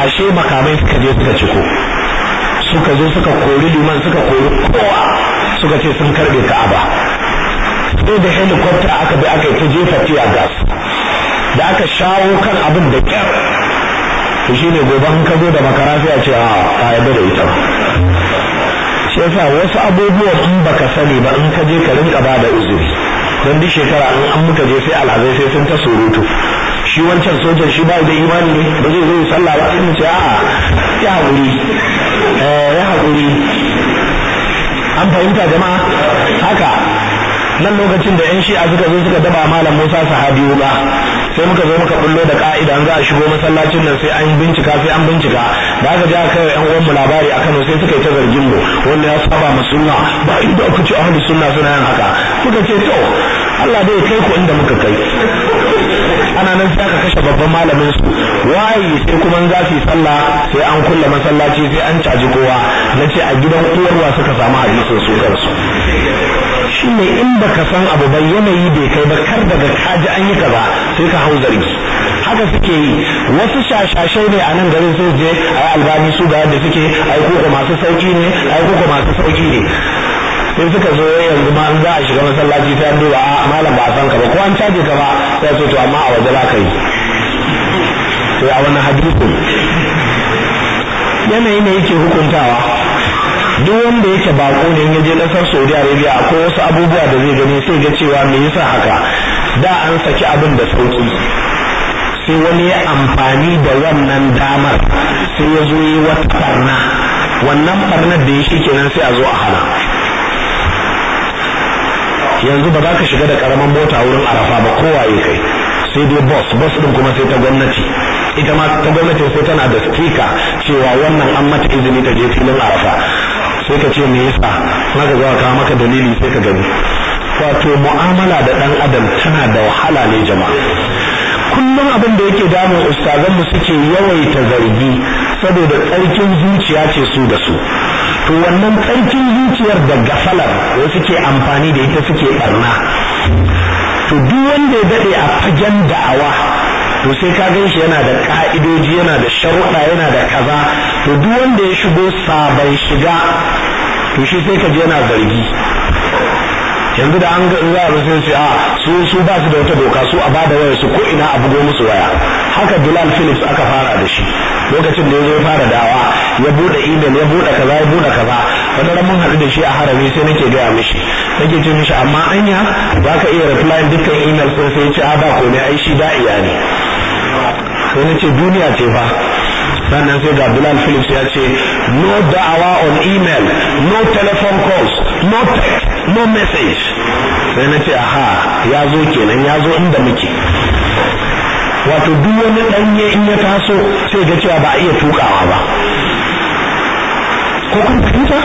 ashe makamai suka je suka ciko suka zo suka kori liman suka kori kowa suka ce sun karbe ka'aba sai da helicopter aka bi aka yi ta jefa tiya gas da aka shawo kan abin da kyar to shine gobe an ka zo da makaranta ya a ce a ah, ka da ita shi yasa wasu abubuwan in baka sani ba in ka je ka rinka ba da uzuri don duk shekara in an muka je sai alhazai sai sun ta surutu shi wancan sojan shi ba da imani ne ba zai zo sallah ba in ce a'a ya haƙuri eh, ya haƙuri an fahimta jama'a haka nan lokacin da 'yan shi'a suka zo suka daba malam musa sahabi ba sai muka zo muka bullo da ka'ida za a shigo masallacin nan sai an bincika sai an bincika da aka ji aka yan uwanmu labari a Kano sai suka yi ta zargin mu wanda ya saba ma sunna ba inda aka ci ahli sunna suna yin haka suka ce to Allah dai kai ku inda muka kai ana nan sai aka kashe babban malamin su waye sai kuma za su yi sallah sai an kulle masallaci sai an caji kowa na ce a gidan uwarwa suka samu hadisin su kansu shi ne in ka san abu ba yanayi bai kai ba kar daga kaji an yi kaza sai ka hau zargi haka suke yi wasu shashashai ne a nan garin sai je a albani su ga yadda suke ai koko masu sauki ne ai koko masu sauki ne sai suka zo yanzu ma an za a shiga masallaci ta yi duba a malam ba a san ka ba ko an caje ka ba ya ce to amma a waje za ka yi to a wani hadisin yanayi ne yake hukuntawa duk wanda yake bako ne ya je kasar saudi arabia akwai wasu abubuwa da zai gani sai ga cewa me yasa haka da an saki abin da sauki sai wani ya amfani da wannan damar sai ya zo yi wata barna wannan barnar da ya shi kenan sai a zo a hana yanzu ba za ka shiga da karaman mota wurin arafa ba kowa ya kai sai dai bus bus din kuma sai ta gwamnati ita ma ta gwamnati sai tana da speaker cewa wannan an mata izini ta je filin arafa sai ka ce me yasa ga zuwa ka maka dalili sai ka gani wato mu'amala da dan adam tana da wahala ne jama'a kullum abin da yake damun ustazanmu suke yawaita zargi saboda tsarkin zuciya ce su da su to wannan tsarkin zuciyar da gafalar wai suke amfani da ita suke barna to duk wanda ya daɗe a fagen da'awa to sai ka gan shi yana da ƙa'idoji yana da sharuɗa yana da kaza to duk wanda ya shigo sabon shiga to shi sai ka je yana zargi yanzu da an ga za a sai su a su su ba su da wata doka su a bada waya su ko ina a bugo musu waya haka Bilal Phillips aka fara da shi lokacin da ya zo fara dawa ya bude email ya bude kaza ya bude kaza wanda mun haɗu da shi a harami sai nake gaya mishi nake ce mishi amma anya ba ka iya reply dukkan email sun sai ce a ba ko ne ai shi da iyali sai nace duniya ce fa sannan sai ga Bilal Phillips ya ce no da'awa on email no telephone calls no text no message sai na aha ya zo kenan ya zo inda muke wato duk wani ɗanye in ya taso sai ga cewa ba a iya tukawa ba ko kun fahimta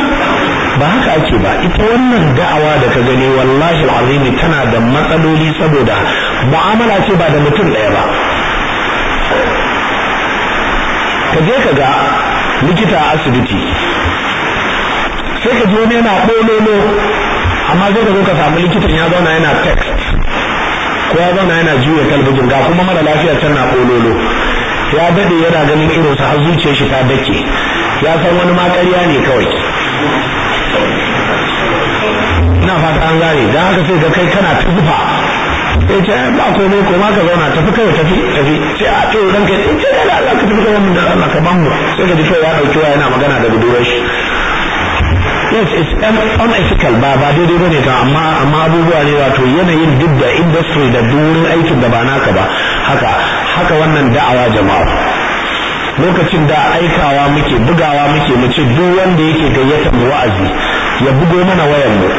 ba haka ake ba ita wannan da'awa da ka gani wallahi alazim tana da matsaloli saboda mu'amala ce ba da mutum ɗaya ba ka je ka ga likita a asibiti sai ka je wani yana ɓololo amma zai ka zo ka samu likitan ya zauna yana text ko ya zauna yana juya talbijin ga kuma mara lafiya can na ɓololo ya daɗe yana ganin irinsa har zuciyar shi ta dake ya san wani makariya ne kawai Na fata an gane don haka sai ga kai kana ta zufa sai ce eh, ba komai koma ka zauna tafi kawai tafi tafi sai a ah, ce ran kai in ce eh, da Allah ka tafi kawai mun da Allah ka bamu sai ga ji kawai ya wa yana magana da gudurar shi yes it's unethical ba ba daidai ba ne amma amma abubuwa ne wato yanayin duk da industry da duk wurin aikin da ba naka ba haka haka wannan da'awa jama'a lokacin da aikawa muke bugawa muke mu ce duk wanda yake gayyatar mu wa'azi ya bugo mana wayar mu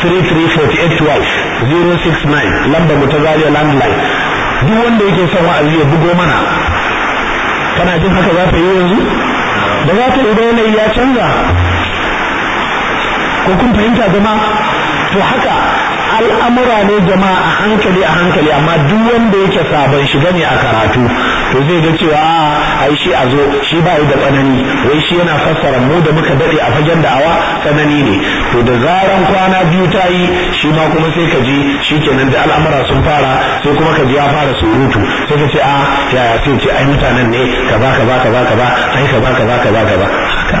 334812069 lambar mu ta zariya landline duk wanda yake son wa'azi ya bugo mana kana jin haka za ka yi yanzu da za ta idan yanayi ya canza ko kun fahimta zama to haka al'amura ne jama'a a hankali a hankali amma duk wanda yake sabon shiga ne a karatu to zai ga cewa a ah, ai shi a zo shi ba da tsanani wai shi yana fassara mu da muka dade a fagen da awa tsanani ne to da zaran kwana biyu ta yi shi ma kuma sai ka ji shi kenan da al'amura sun fara sai kuma ka ji ya fara surutu sai ka ce a ah, yaya sai ce ai mutanen ne kaza kaza kaza kaza ai kaza kaza kaza kaza haka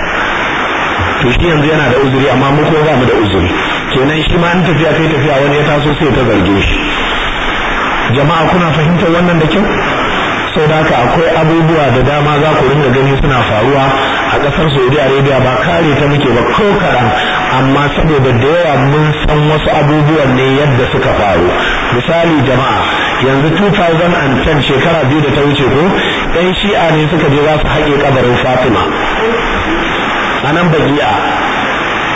to shi yanzu yana da uzuri amma mu kuma ba mu da uzuri kenan shi ma an tafiya kai tafiya wani ya taso sai ta zarge shi jama'a kuna fahimtar wannan da kyau sau da haka akwai abubuwa da dama za ku ringa gani suna faruwa a ƙasar saudi arabia ba kare ta muke ba ko karan amma saboda da yawa mun san wasu abubuwan ne yadda suka faru misali jama'a yanzu 2010 shekara biyu da ta wuce ko yan shi'a ne suka je za su haƙe kabarin fatima a nan bagi'a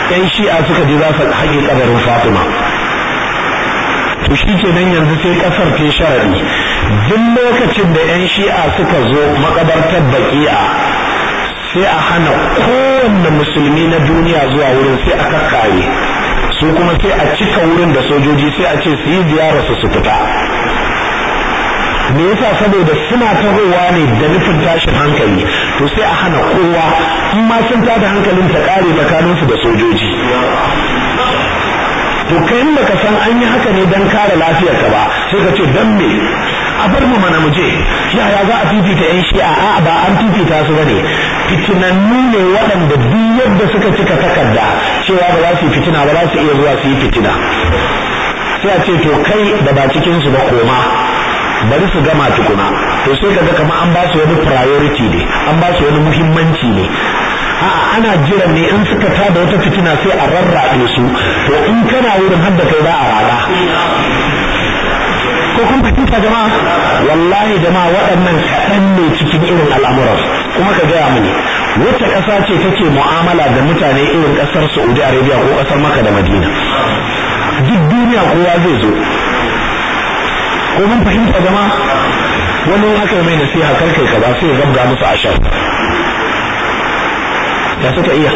yan shi'a suka ji za su haƙe kabarin fatima to shi ke nan yanzu sai ƙasar ta sharadi duk lokacin da yan shi'a suka zo makabartar baki'a sai a hana kowanne musulmi na duniya zuwa wurin sai a kakkare su kuma sai a cika wurin da sojoji sai a ce su yi ziyara su fita me yasa saboda suna tahowa ne da nufin tashin hankali to sai a hana kowa in ma sun tada hankalin ta kare su da sojoji to kai inda ka san an yi haka ne dan kare ka ba sai ka ce dan me a bar mu mana muje yaya za a fifita yan shi'a a ba an fifita su bane fitinannu ne waɗanda duk yadda suka cika takarda cewa ba za su fitina ba za su iya zuwa su yi fitina sai a ce to kai da ba cikin su ba koma bari su gama tukuna to sai kaga kamar an ba su wani priority ne an ba su wani muhimmanci ne a'a ana jiran ne in suka tada wata fitina sai a rarraɗe su to in kana wurin hadda kai za a rada ko kun fahimta jama'a wallahi jama'a waɗannan kaɗan ne cikin irin al'amuran kuma ka gaya mini wata ƙasa ce take mu'amala da mutane irin ƙasar saudi arabia ko ƙasar maka da madina duk duniya kowa zai zo ko mun fahimta zama wani haka mai nasiha kar kai kaza sai ya zabga musu ashar ya suka iya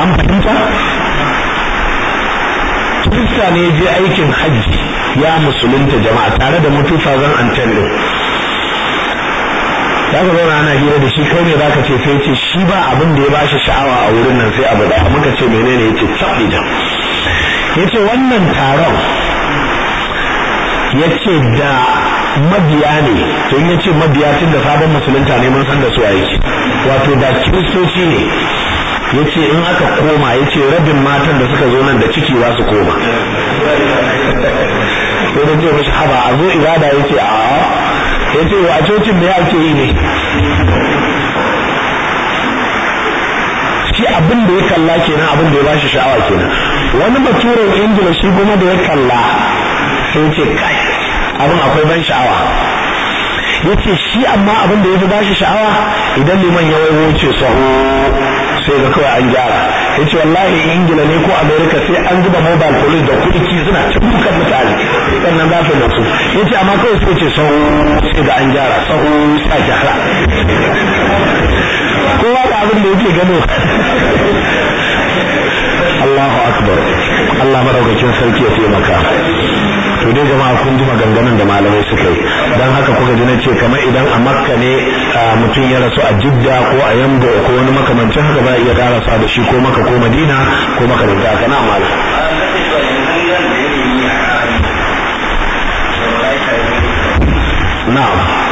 an fahimta kirista ne je aikin hajji ya musulunta jama'a tare da mutu fazan ɗin za ka zauna ana hira da shi kai ne za ce sai ce shi ba abin da ya bashi sha'awa a wurin nan sai abu daya muka ce menene ya ce tabi ya ce wannan taron ya ce da mabiya ne to in ya ce mabiya tun da sabon musulunta ne mun san da su aiki wato da kiristoci ne ya ce in aka koma ya ce rabin matan da suka zo nan da ciki za su koma ko da ce mashi haba a zo ibada ya ce a ya ce wa a cocin me ake yi ne shi abin da ya kalla kenan abin da ya bashi sha'awa kenan wani baturen ingila shi kuma da ya kalla sai ce abin akwai ban sha'awa ya ce shi amma abin da ya fi ba shi sha'awa idan liman ya waiwo wuce sahu sai ga kawai an gyara ya ce wallahi ingila ne ko amerika sai an zuba mobile police da kudiki suna cikin mutane sannan za su nasu ya ce amma kawai sai ce sahu sai ga an gyara sahu sai gyara kowa da abin da yake gano Allahu akbar Allah madaukakin sarki ya taimaka to dai jama'a kun ji maganganun da malamai suka yi dan haka kuka ji ce kamar idan a makka ne mutum ya rasu a jidda ko a yambo ko wani makamancin haka za iya iya sa da shi ko maka ko madina ko maka da haka na malam na'am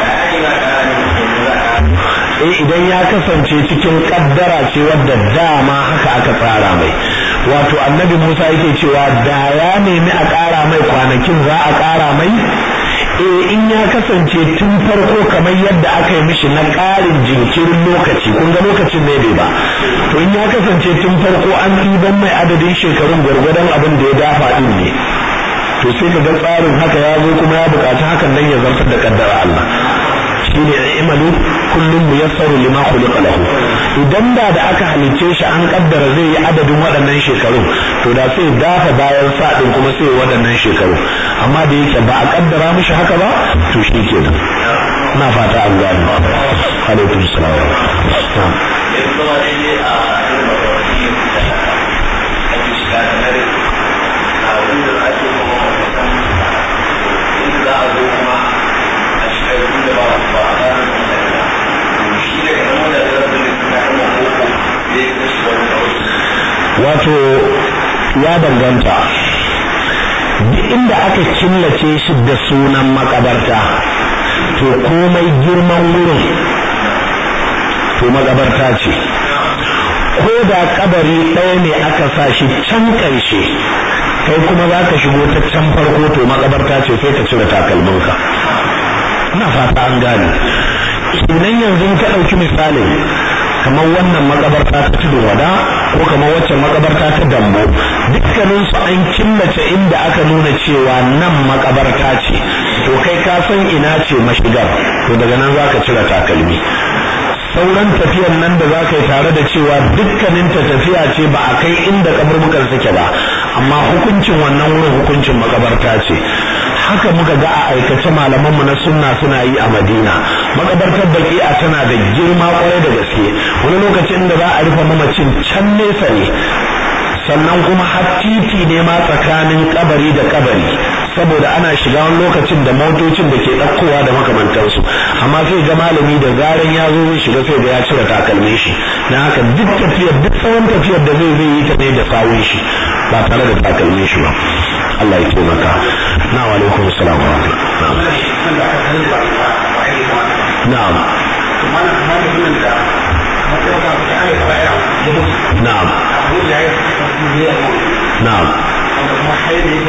eh idan ya kasance cikin kaddara ce wadda dama haka aka tsara mai wato annabi Musa yake cewa da ya nemi a ƙara mai kwanakin za a ƙara mai eh in ya kasance tun farko kamar yadda aka yi mishi na ƙarin jinkirin lokaci kun ga lokacin ne bai ba to in ya kasance tun farko an ɗiban mai adadin shekarun gwargwadon abin da ya dafa ɗin ne to sai ka ga tsarin haka ya zo kuma ya buƙaci hakan nan ya zartar da kaddara Allah الذين يعملوا كل ميسر لما خلق له إذن دا دا أكا حليتش أن قدر زي عدد مرة ننشي كرو تودا سي دا فدا ينسا دن كما سي ودا ننشي كرو أما دي سبا قدر مش حكا با توشي كينا ما فاتا الله عليه السلام نعم Thank you. wato ya danganta duk inda aka killace shi da sunan makabarta to komai girman wurin to makabarta ce ko da kabari ɗaya ne aka sa shi can ƙarshe kai kuma za ka shigo ta can farko to makabarta ce sai ka cire takalminka na fata an gane idan yanzu ka ɗauki misali kamar wannan makabarta ta tudun wada ko kamar wacce makabarta ta dambo dukkanin su an killace inda aka nuna cewa nan makabarta ce to kai ka san ina ce mashigar to daga nan za ka cire takalmi sauran tafiyan nan da za ka yi tare da cewa dukkanin ta tafiya ce ba a kai inda kaburbukan suke ba amma hukuncin wannan wurin hukuncin makabarta ce haka muka ga a aikace malaman mu na sunna suna yi a madina makabartar a tana da girma kwarai da gaske wani lokacin da za a rufe mamacin can nesa ne sannan kuma har titi ne ma tsakanin kabari da kabari saboda ana shiga wani lokacin da motocin da ke ɗaukowa da makamantansu amma sai ga malami da zaran ya zo zai shiga sai da ya cire takalmin shi na haka duk tafiyar duk tsawon tafiyar da zai zai yi ta ne da sawun shi ba tare da takalmin shi ba Allah ya taimaka نعم وعليكم السلام ورحمة الله نعم نعم نعم نعم نعم نعم نعم نعم إيه. نعم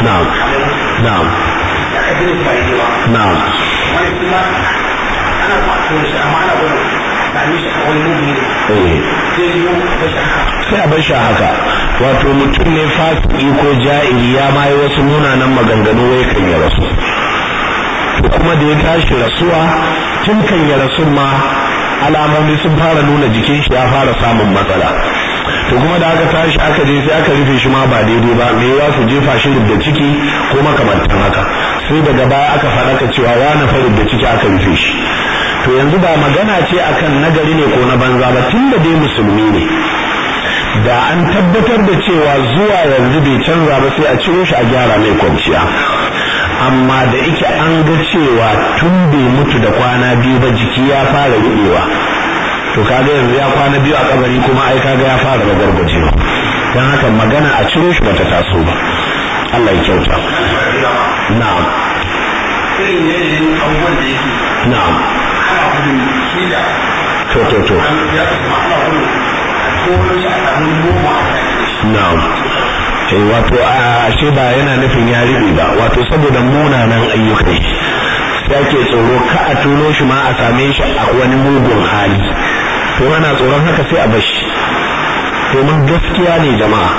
نعم نعم نعم نعم نعم haka wato mutum ne fasiki ko ja'iri ya ma yi wasu munanan maganganu wai kan ya rasu to kuma da ya tashi rasuwa tun kan ya rasu ma alamomi sun fara nuna jikin shi ya fara samun matsala to kuma da aka tashi aka je sai aka rufe shi ma ba daidai ba me ya su jefa shi da ciki ko makamantan haka sai daga baya aka faɗa ka cewa na farin da ciki aka rufe shi to yanzu ba magana ce akan nagari ne ko na banza ba tun da dai musulmi ne da an tabbatar da cewa zuwa yanzu bai canza ba sai a ciro shi a gyara mai kwanciya amma da ike an ga cewa tun bai mutu da kwana biyu ba jiki ya fara rubewa to kaga yanzu ya kwana biyu a kabari kuma ai kaga ya fara gargajewa don haka magana a ciro shi bata taso ba Allah ya kyauta na'am na'am to to to na'am eh, wato a ashe ba yana nufin ya ribe ba wato saboda munanan ayyuka sai ake tsoro ka a tuno shi ma a same shi a wani mugun hali to ana tsoron haka sai a bashi domin gaskiya ne jama'a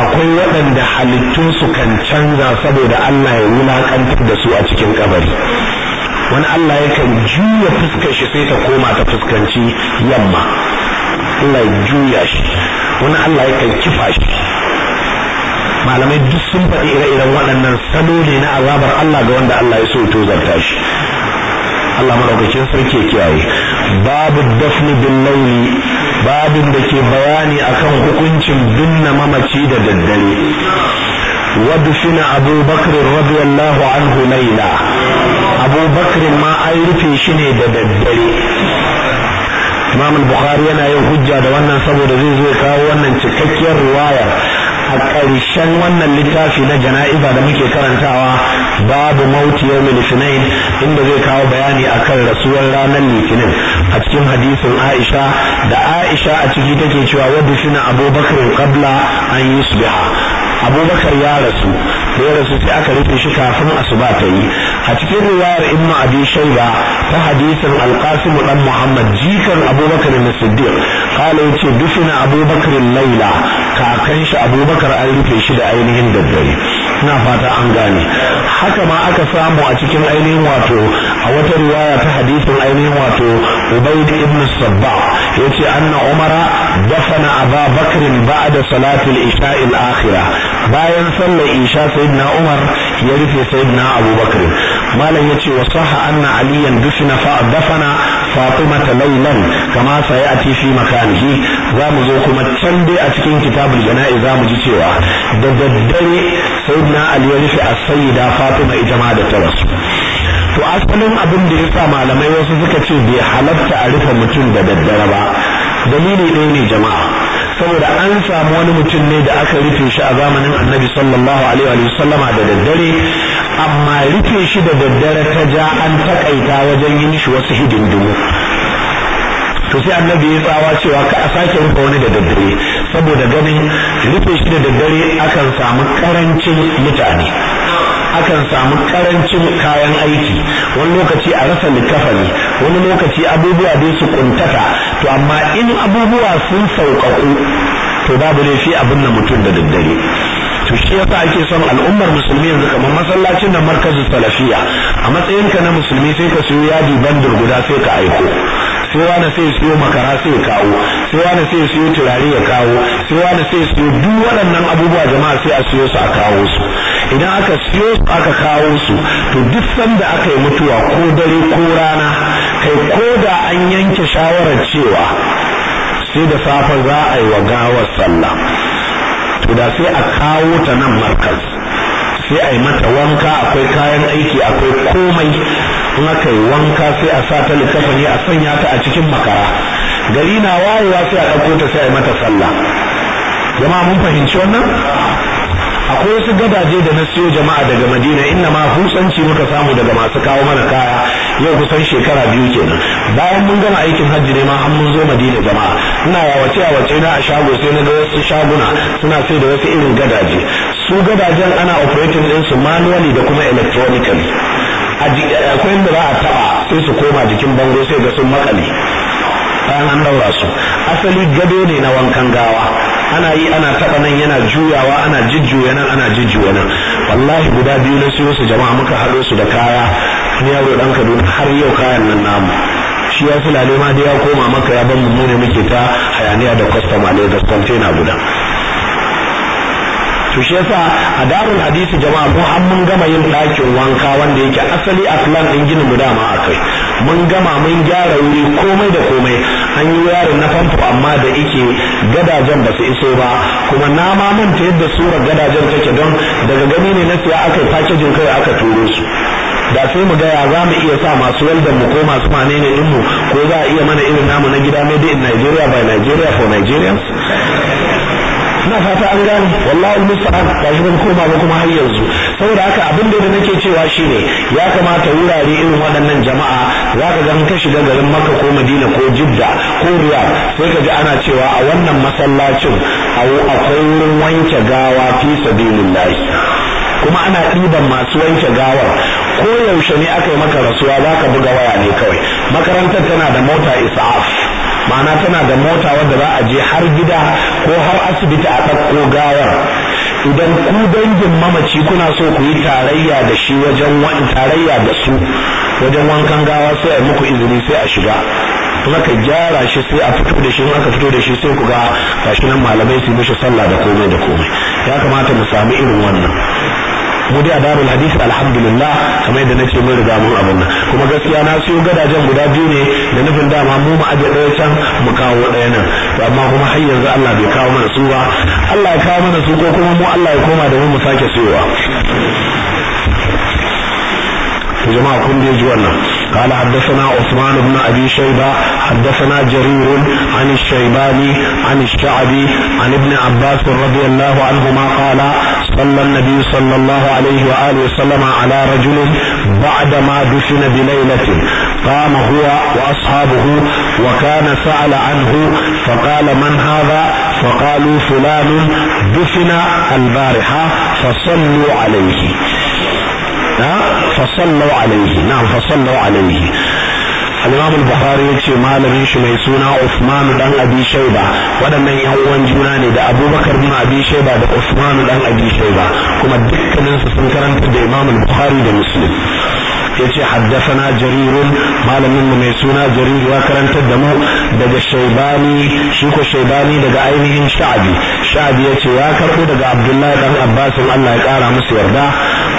akwai waɗanda halittunsu kan canza saboda Allah ya wulakantar da su a cikin kabari wani Allah yakan juya fuskar shi sai ta koma ta fuskanci yamma Allah ya juya shi wani Allah yakan kifa shi malamai duk sun faɗi ire-iren waɗannan salo ne na azabar Allah ga wanda Allah ya so to zarta shi Allah madaukakin sarki kiyaye babu dafni bin launi babin da ke bayani akan hukuncin binne mamaci da daddare wadfina Abu Bakr radiyallahu anhu laila Abu ma an rufe shi ne da daddare imam bukhari yana yin hujja da wannan saboda zai zo kawo wannan cikakkiyar riwayar a ƙarshen wannan littafi na jana'iza da muke karantawa babu mauti yau litinin inda zai kawo bayani akan rasuwar ranar litinin a cikin hadisin aisha da aisha a ciki take cewa wadda na abubakar qabla an yi biha. abubakar ya rasu da ya rasu sai aka rufe shi kafin asuba ta yi a cikin riwayar ibn abi shaiba ta hadisin alqasim dan muhammad jikan abubakar na siddiq kala ce dufina abubakar laila kakan shi abubakar an rufe shi da ainihin daddare ina fata an gane haka ma aka samu a cikin ainihin wato a wata riwaya ta hadisin ainihin wato ubaid ibn sabba yace anna umara dafana aba bakrin ba'da salatul isha'il akhira bayan sallar isha sayyidina umar ya rufe sayyidina abubakar malam yace wa sahha anna aliyan dufina fa dafana fatimata laylan kama sayati fi makanihi za mu zo kuma can dai a cikin kitabul jana'i za mu ji cewa da daddare sayyidina ali ya rufe as-sayyida fatima ita ma da ta rasu to asalin abin da ya sa malamai wasu suka ce bai halatta a rufe mutum da daddare ba dalili ɗaya ne jama'a saboda an samu wani mutum ne da aka rufe shi a zamanin annabi sallallahu alaihi wa sallama da daddare amma rufe shi da daddare ta ja an takaita wajen yin shi wasu hidindimu to sai annabi ya tsawa cewa ka a sake rufe wani da daddare saboda ganin rufe shi da daddare akan samu karancin mutane akan samu karancin kayan aiki wani lokaci a rasa likafani wani lokaci abubuwa dai su kuntata to amma in abubuwa sun sauƙaƙu to babu laifi abin na mutum da daddare to shi yasa ake son al'ummar musulmi yanzu kamar masallacin da markazu salafiya a matsayin ka na musulmi sai ka siyo yadi bandir guda sai ka aiko sai wani sai siyo makara sai kawo sai wani sai siyo turare ya kawo sai wani sai siyo duk waɗannan abubuwa jama'a sai a siyo su a kawo su idan aka siyo su aka kawo su to duk sanda aka yi mutuwa ko dare ko rana kai ko da an yanke shawarar cewa sai da safe za a yi wa gawar sallah to da sai a kawo ta nan markaz sai a yi mata wanka akwai kayan aiki akwai komai in aka yi wanka sai a sa ta ne a sanya ta a cikin makara gari na wayewa sai a ɗauko ta sai a yi mata sallah jama'a mun fahimci wannan akwai wasu gadaje da na siyo jama'a daga madina inna ma husanci muka samu daga masu kawo mana kaya yau kusan shekara biyu kenan bayan mun gama aikin hajji ne ma an mun zo madina jama'a ina yawace yawace na a shago sai na ga wasu shaguna suna sai da wasu irin gadaje su gadajen ana operating din su manually da kuma electronically akwai inda za a taba sai su koma jikin bango sai ga sun makale bayan an daura su asali gado ne na wankan gawa ana yi ana taɓa nan yana juyawa ana jujjuya nan ana jujjuya nan wallahi guda biyu na siyo su jama'a muka haɗo su da kaya ni yaro dan kaduna har yau kayan nan namu shi ya filale ma da ya koma maka ya ban mu ne muke ta hayaniya da kwastam a lagos kwantena guda to shi yasa a darul hadisi jama'a ko an mun gama yin ɗakin wanka wanda yake asali a plan ɗin ginin mu dama akai mun gama mun gyara wuri komai da komai an yi yari na famfo amma da ike gadajen ba su iso ba kuma na ma manta yadda surar gadajen take don daga gani ne na siya aka yi fakejin kai aka turo su da sai mu gaya za mu iya sa masu waldan mu ko masu mane ne mu ko za a iya mana irin namu na gida made in Nigeria by Nigeria for Nigerians na fata an gane wallahi musta'an ba shi ban koma ba kuma har yanzu saboda haka abin da nake cewa shine ya kamata wurare irin waɗannan jama'a za ka gan ka shiga garin maka ko madina ko jidda ko riya sai ka ji ana cewa a wannan masallacin akwai wurin wanke gawa fi sabilillahi kuma ana ɗiban masu wanke gawar ko yaushe ne aka yi maka rasuwa za ka buga waya ne kawai makarantar tana da mota isaf ma'ana tana da mota wadda za a je har gida ko har asibiti a ɗauko gawar idan ku dangin mamaci kuna so ku yi tarayya da shi wajen wani tarayya da su wajen wankan gawa sai a muku izini sai a shiga kuma ka gyara shi sai a fito da shi in aka fito da shi sai ku ga gashi malamai su mishi sallah da komai da komai ya kamata mu sami irin wannan mu dai a darul hadith alhamdulillah kamar yadda nace mun riga mun abin nan kuma gaskiya na siyo gadajen guda biyu ne da nufin dama mu mu aje daya can mu kawo daya nan to amma kuma har yanzu Allah bai kawo mana su ba Allah ya kawo mana su ko kuma mu Allah ya koma da mu mu sake siyowa جماعة كل جوانا قال حدثنا عثمان بن أبي شيبة حدثنا جرير عن الشيباني عن الشعبي عن ابن عباس رضي الله عنهما قال صلى النبي صلى الله عليه وآله وسلم على رجل بعدما دفن بليلة قام هو وأصحابه وكان سأل عنه فقال من هذا فقالوا فلان دفن البارحة فصلوا عليه فصلوا عليه نعم فصلوا عليه al-imam al-bukhari yace malamin shi mai suna usman dan abi shaiba waɗannan yan uwan juna ne da abubakar dan abi shayba da usman dan abi shayba kuma dukkanin su sun karanta da imam al-bukhari da muslim yace haddasa na malamin malaminmu mai suna jariri ya karantar da mu daga shaybani shi ko daga ainihin sha'abi sha'abi yace ya karbo daga abdullahi dan abbas Allah ya kara musu yarda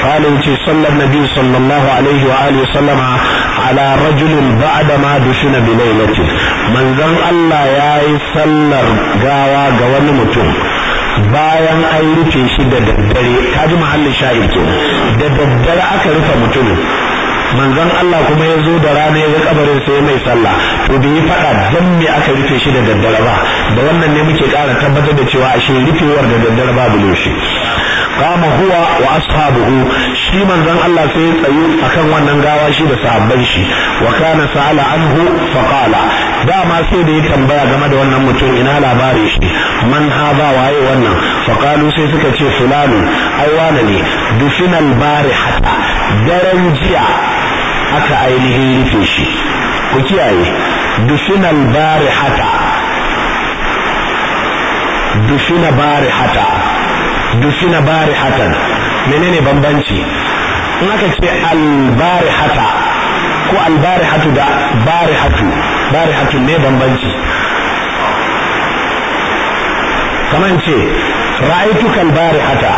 qala yace sallallahu nabi sallallahu alaihi wa alihi sallama ala rajulin ba'da ma dushina bi lailati manzon Allah yi sallar gawa ga wani mutum bayan an rufe shi da daddare ta ji mahallin sha'ir ke da daddare aka rufe mutumin manzon Allah kuma ya zo da rana ya ga kabarin sai mai sallah to bai yi fada dan me aka rufe shi da daddare ba da wannan ne muke ƙara tabbatar da cewa a ashe rufewar da daddare babu shi kama huwa wa ashabuhu shi manzon Allah sai ya tsayu akan wannan gawa shi da sahabban shi wa kana sa'ala anhu fa qala dama sai da ya tambaya game da wannan mutum ina labari shi man ba waye wannan fa qalu sai suka ce fulanu ai wane ne dufinal barihata daren jiya aka ainihin rufe shi ku kiyaye dufinal barihata dufina barihata dufina barihatan menene bambanci in aka ce albarihata ko albarihatu da barihatu barihatu ne bambanci kamar ce ra'aitukal barihata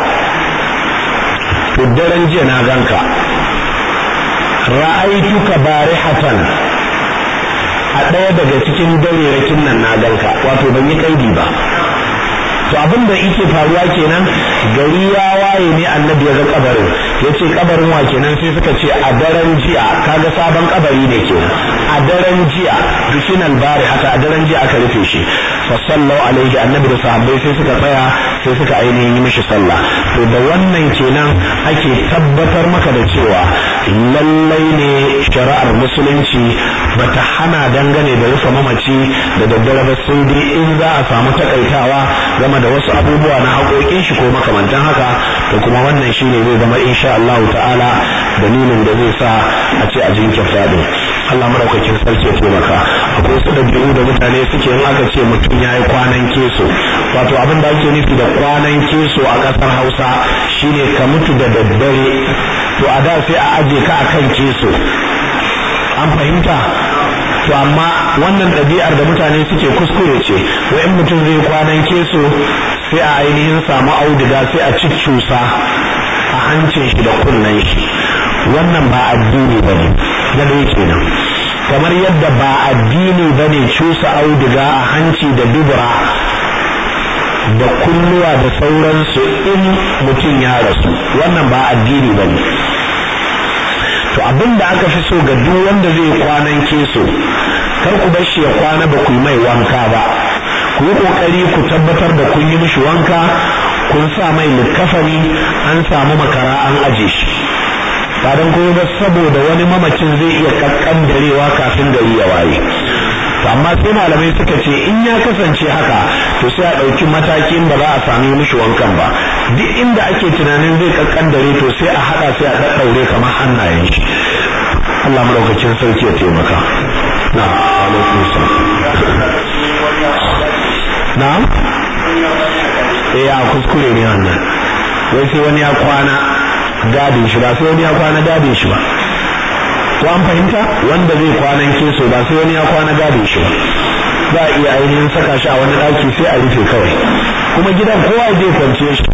to daren jiya na ganka ra'aituka barihatan a ɗaya daga cikin darerakin nan na ganka wato ban yi kaidi ba to abin da yake faruwa kenan gari ya waye ne annabi ya ga kabarin ya ce kabarin wa kenan sai suka ce a daren jiya kaga sabon kabari ne ke a daren jiya bikin albari haka a daren jiya aka rufe shi fasallau alaihi annabi da sahabbai sai suka tsaya sai suka ainihin yi mishi sallah to da wannan kenan ake tabbatar maka da cewa lallai ne shari'ar musulunci bata hana dangane da rufe mamaci da daddare ba sai dai in za a samu takaitawa game da wasu abubuwa na haƙoƙin shi ko makamantan haka to kuma wannan shine zai zama insha insha Allah ta'ala nuna da zai sa a ce a jinkirta din Allah madaukakin sarki ya taimaka akwai su ɗabi'u da mutane suke in aka ce mutum ya yi kwanan keso wato abin da ake nufi da kwanan keso a ƙasar Hausa shine ka mutu da daddare to a da sai a aje ka akan keso an fahimta to amma wannan ɗabi'ar da mutane suke kuskure ce wai in mutum zai kwanan keso sai a ainihin samu auduga sai a ciccusa a hancin shi da kunnen shi wannan ba addini ba ne na dai kenan kamar yadda ba addini ba ne cusa auduga a hanci da dubura da kunnuwa da sauransu in mutum ya rasu wannan ba addini ba ne to abinda aka fi so ga duk wanda zai kwanan keso kar ku bar shi ya kwana ba ku yi mai wanka ba ku yi kokari ku tabbatar da kun yi mishi wanka kun sa mai likkafani an samu makara an aje shi ba don kuma ba saboda wani mamacin zai iya kakkan darewa kafin gari ya waye amma sai malamai suka ce in ya kasance haka to sai a ɗauki matakin ba za a sami mishi wankan ba duk inda ake tunanin zai kakkan dare to sai a haɗa sai a ɗaɗɗaure kamar hannayen shi Allah madaukakin sarki ya taimaka na alaikum salam na'am eh ya kuskure ne wannan wai sai wani ya kwana gadin shi ba sai wani ya kwana gadin shi ba ko an fahimta wanda zai kwanan keso ba sai wani ya kwana gadin shi ba za a iya ainihin saka shi a wani ɗaki sai a rufe kawai kuma gidan kowa zai kwance shi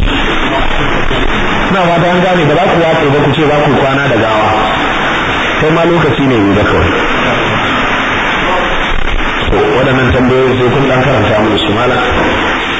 na fata an gane ba ku watsa ba ku ce ba ku kwana da gawa kai ma lokaci ne da kawai waɗannan tambayoyi sai kun ɗan karanta mu su malam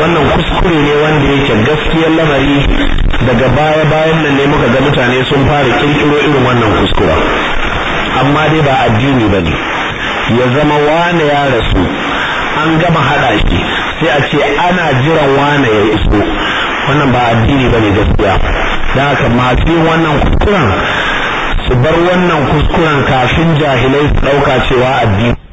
wannan kuskure ne wanda yake gaskiyar lamari daga baya bayan nan ne muka ga mutane sun fara kirkiro irin wannan kuskura amma dai ba addini ba ne ya zama wane ya rasu an gama haɗa shi sai a ce ana jiran wane ya iso wannan ba addini ba ne gaskiya da haka masu yin wannan kuskuren su bar wannan kuskuren kafin jahilai su ɗauka cewa addini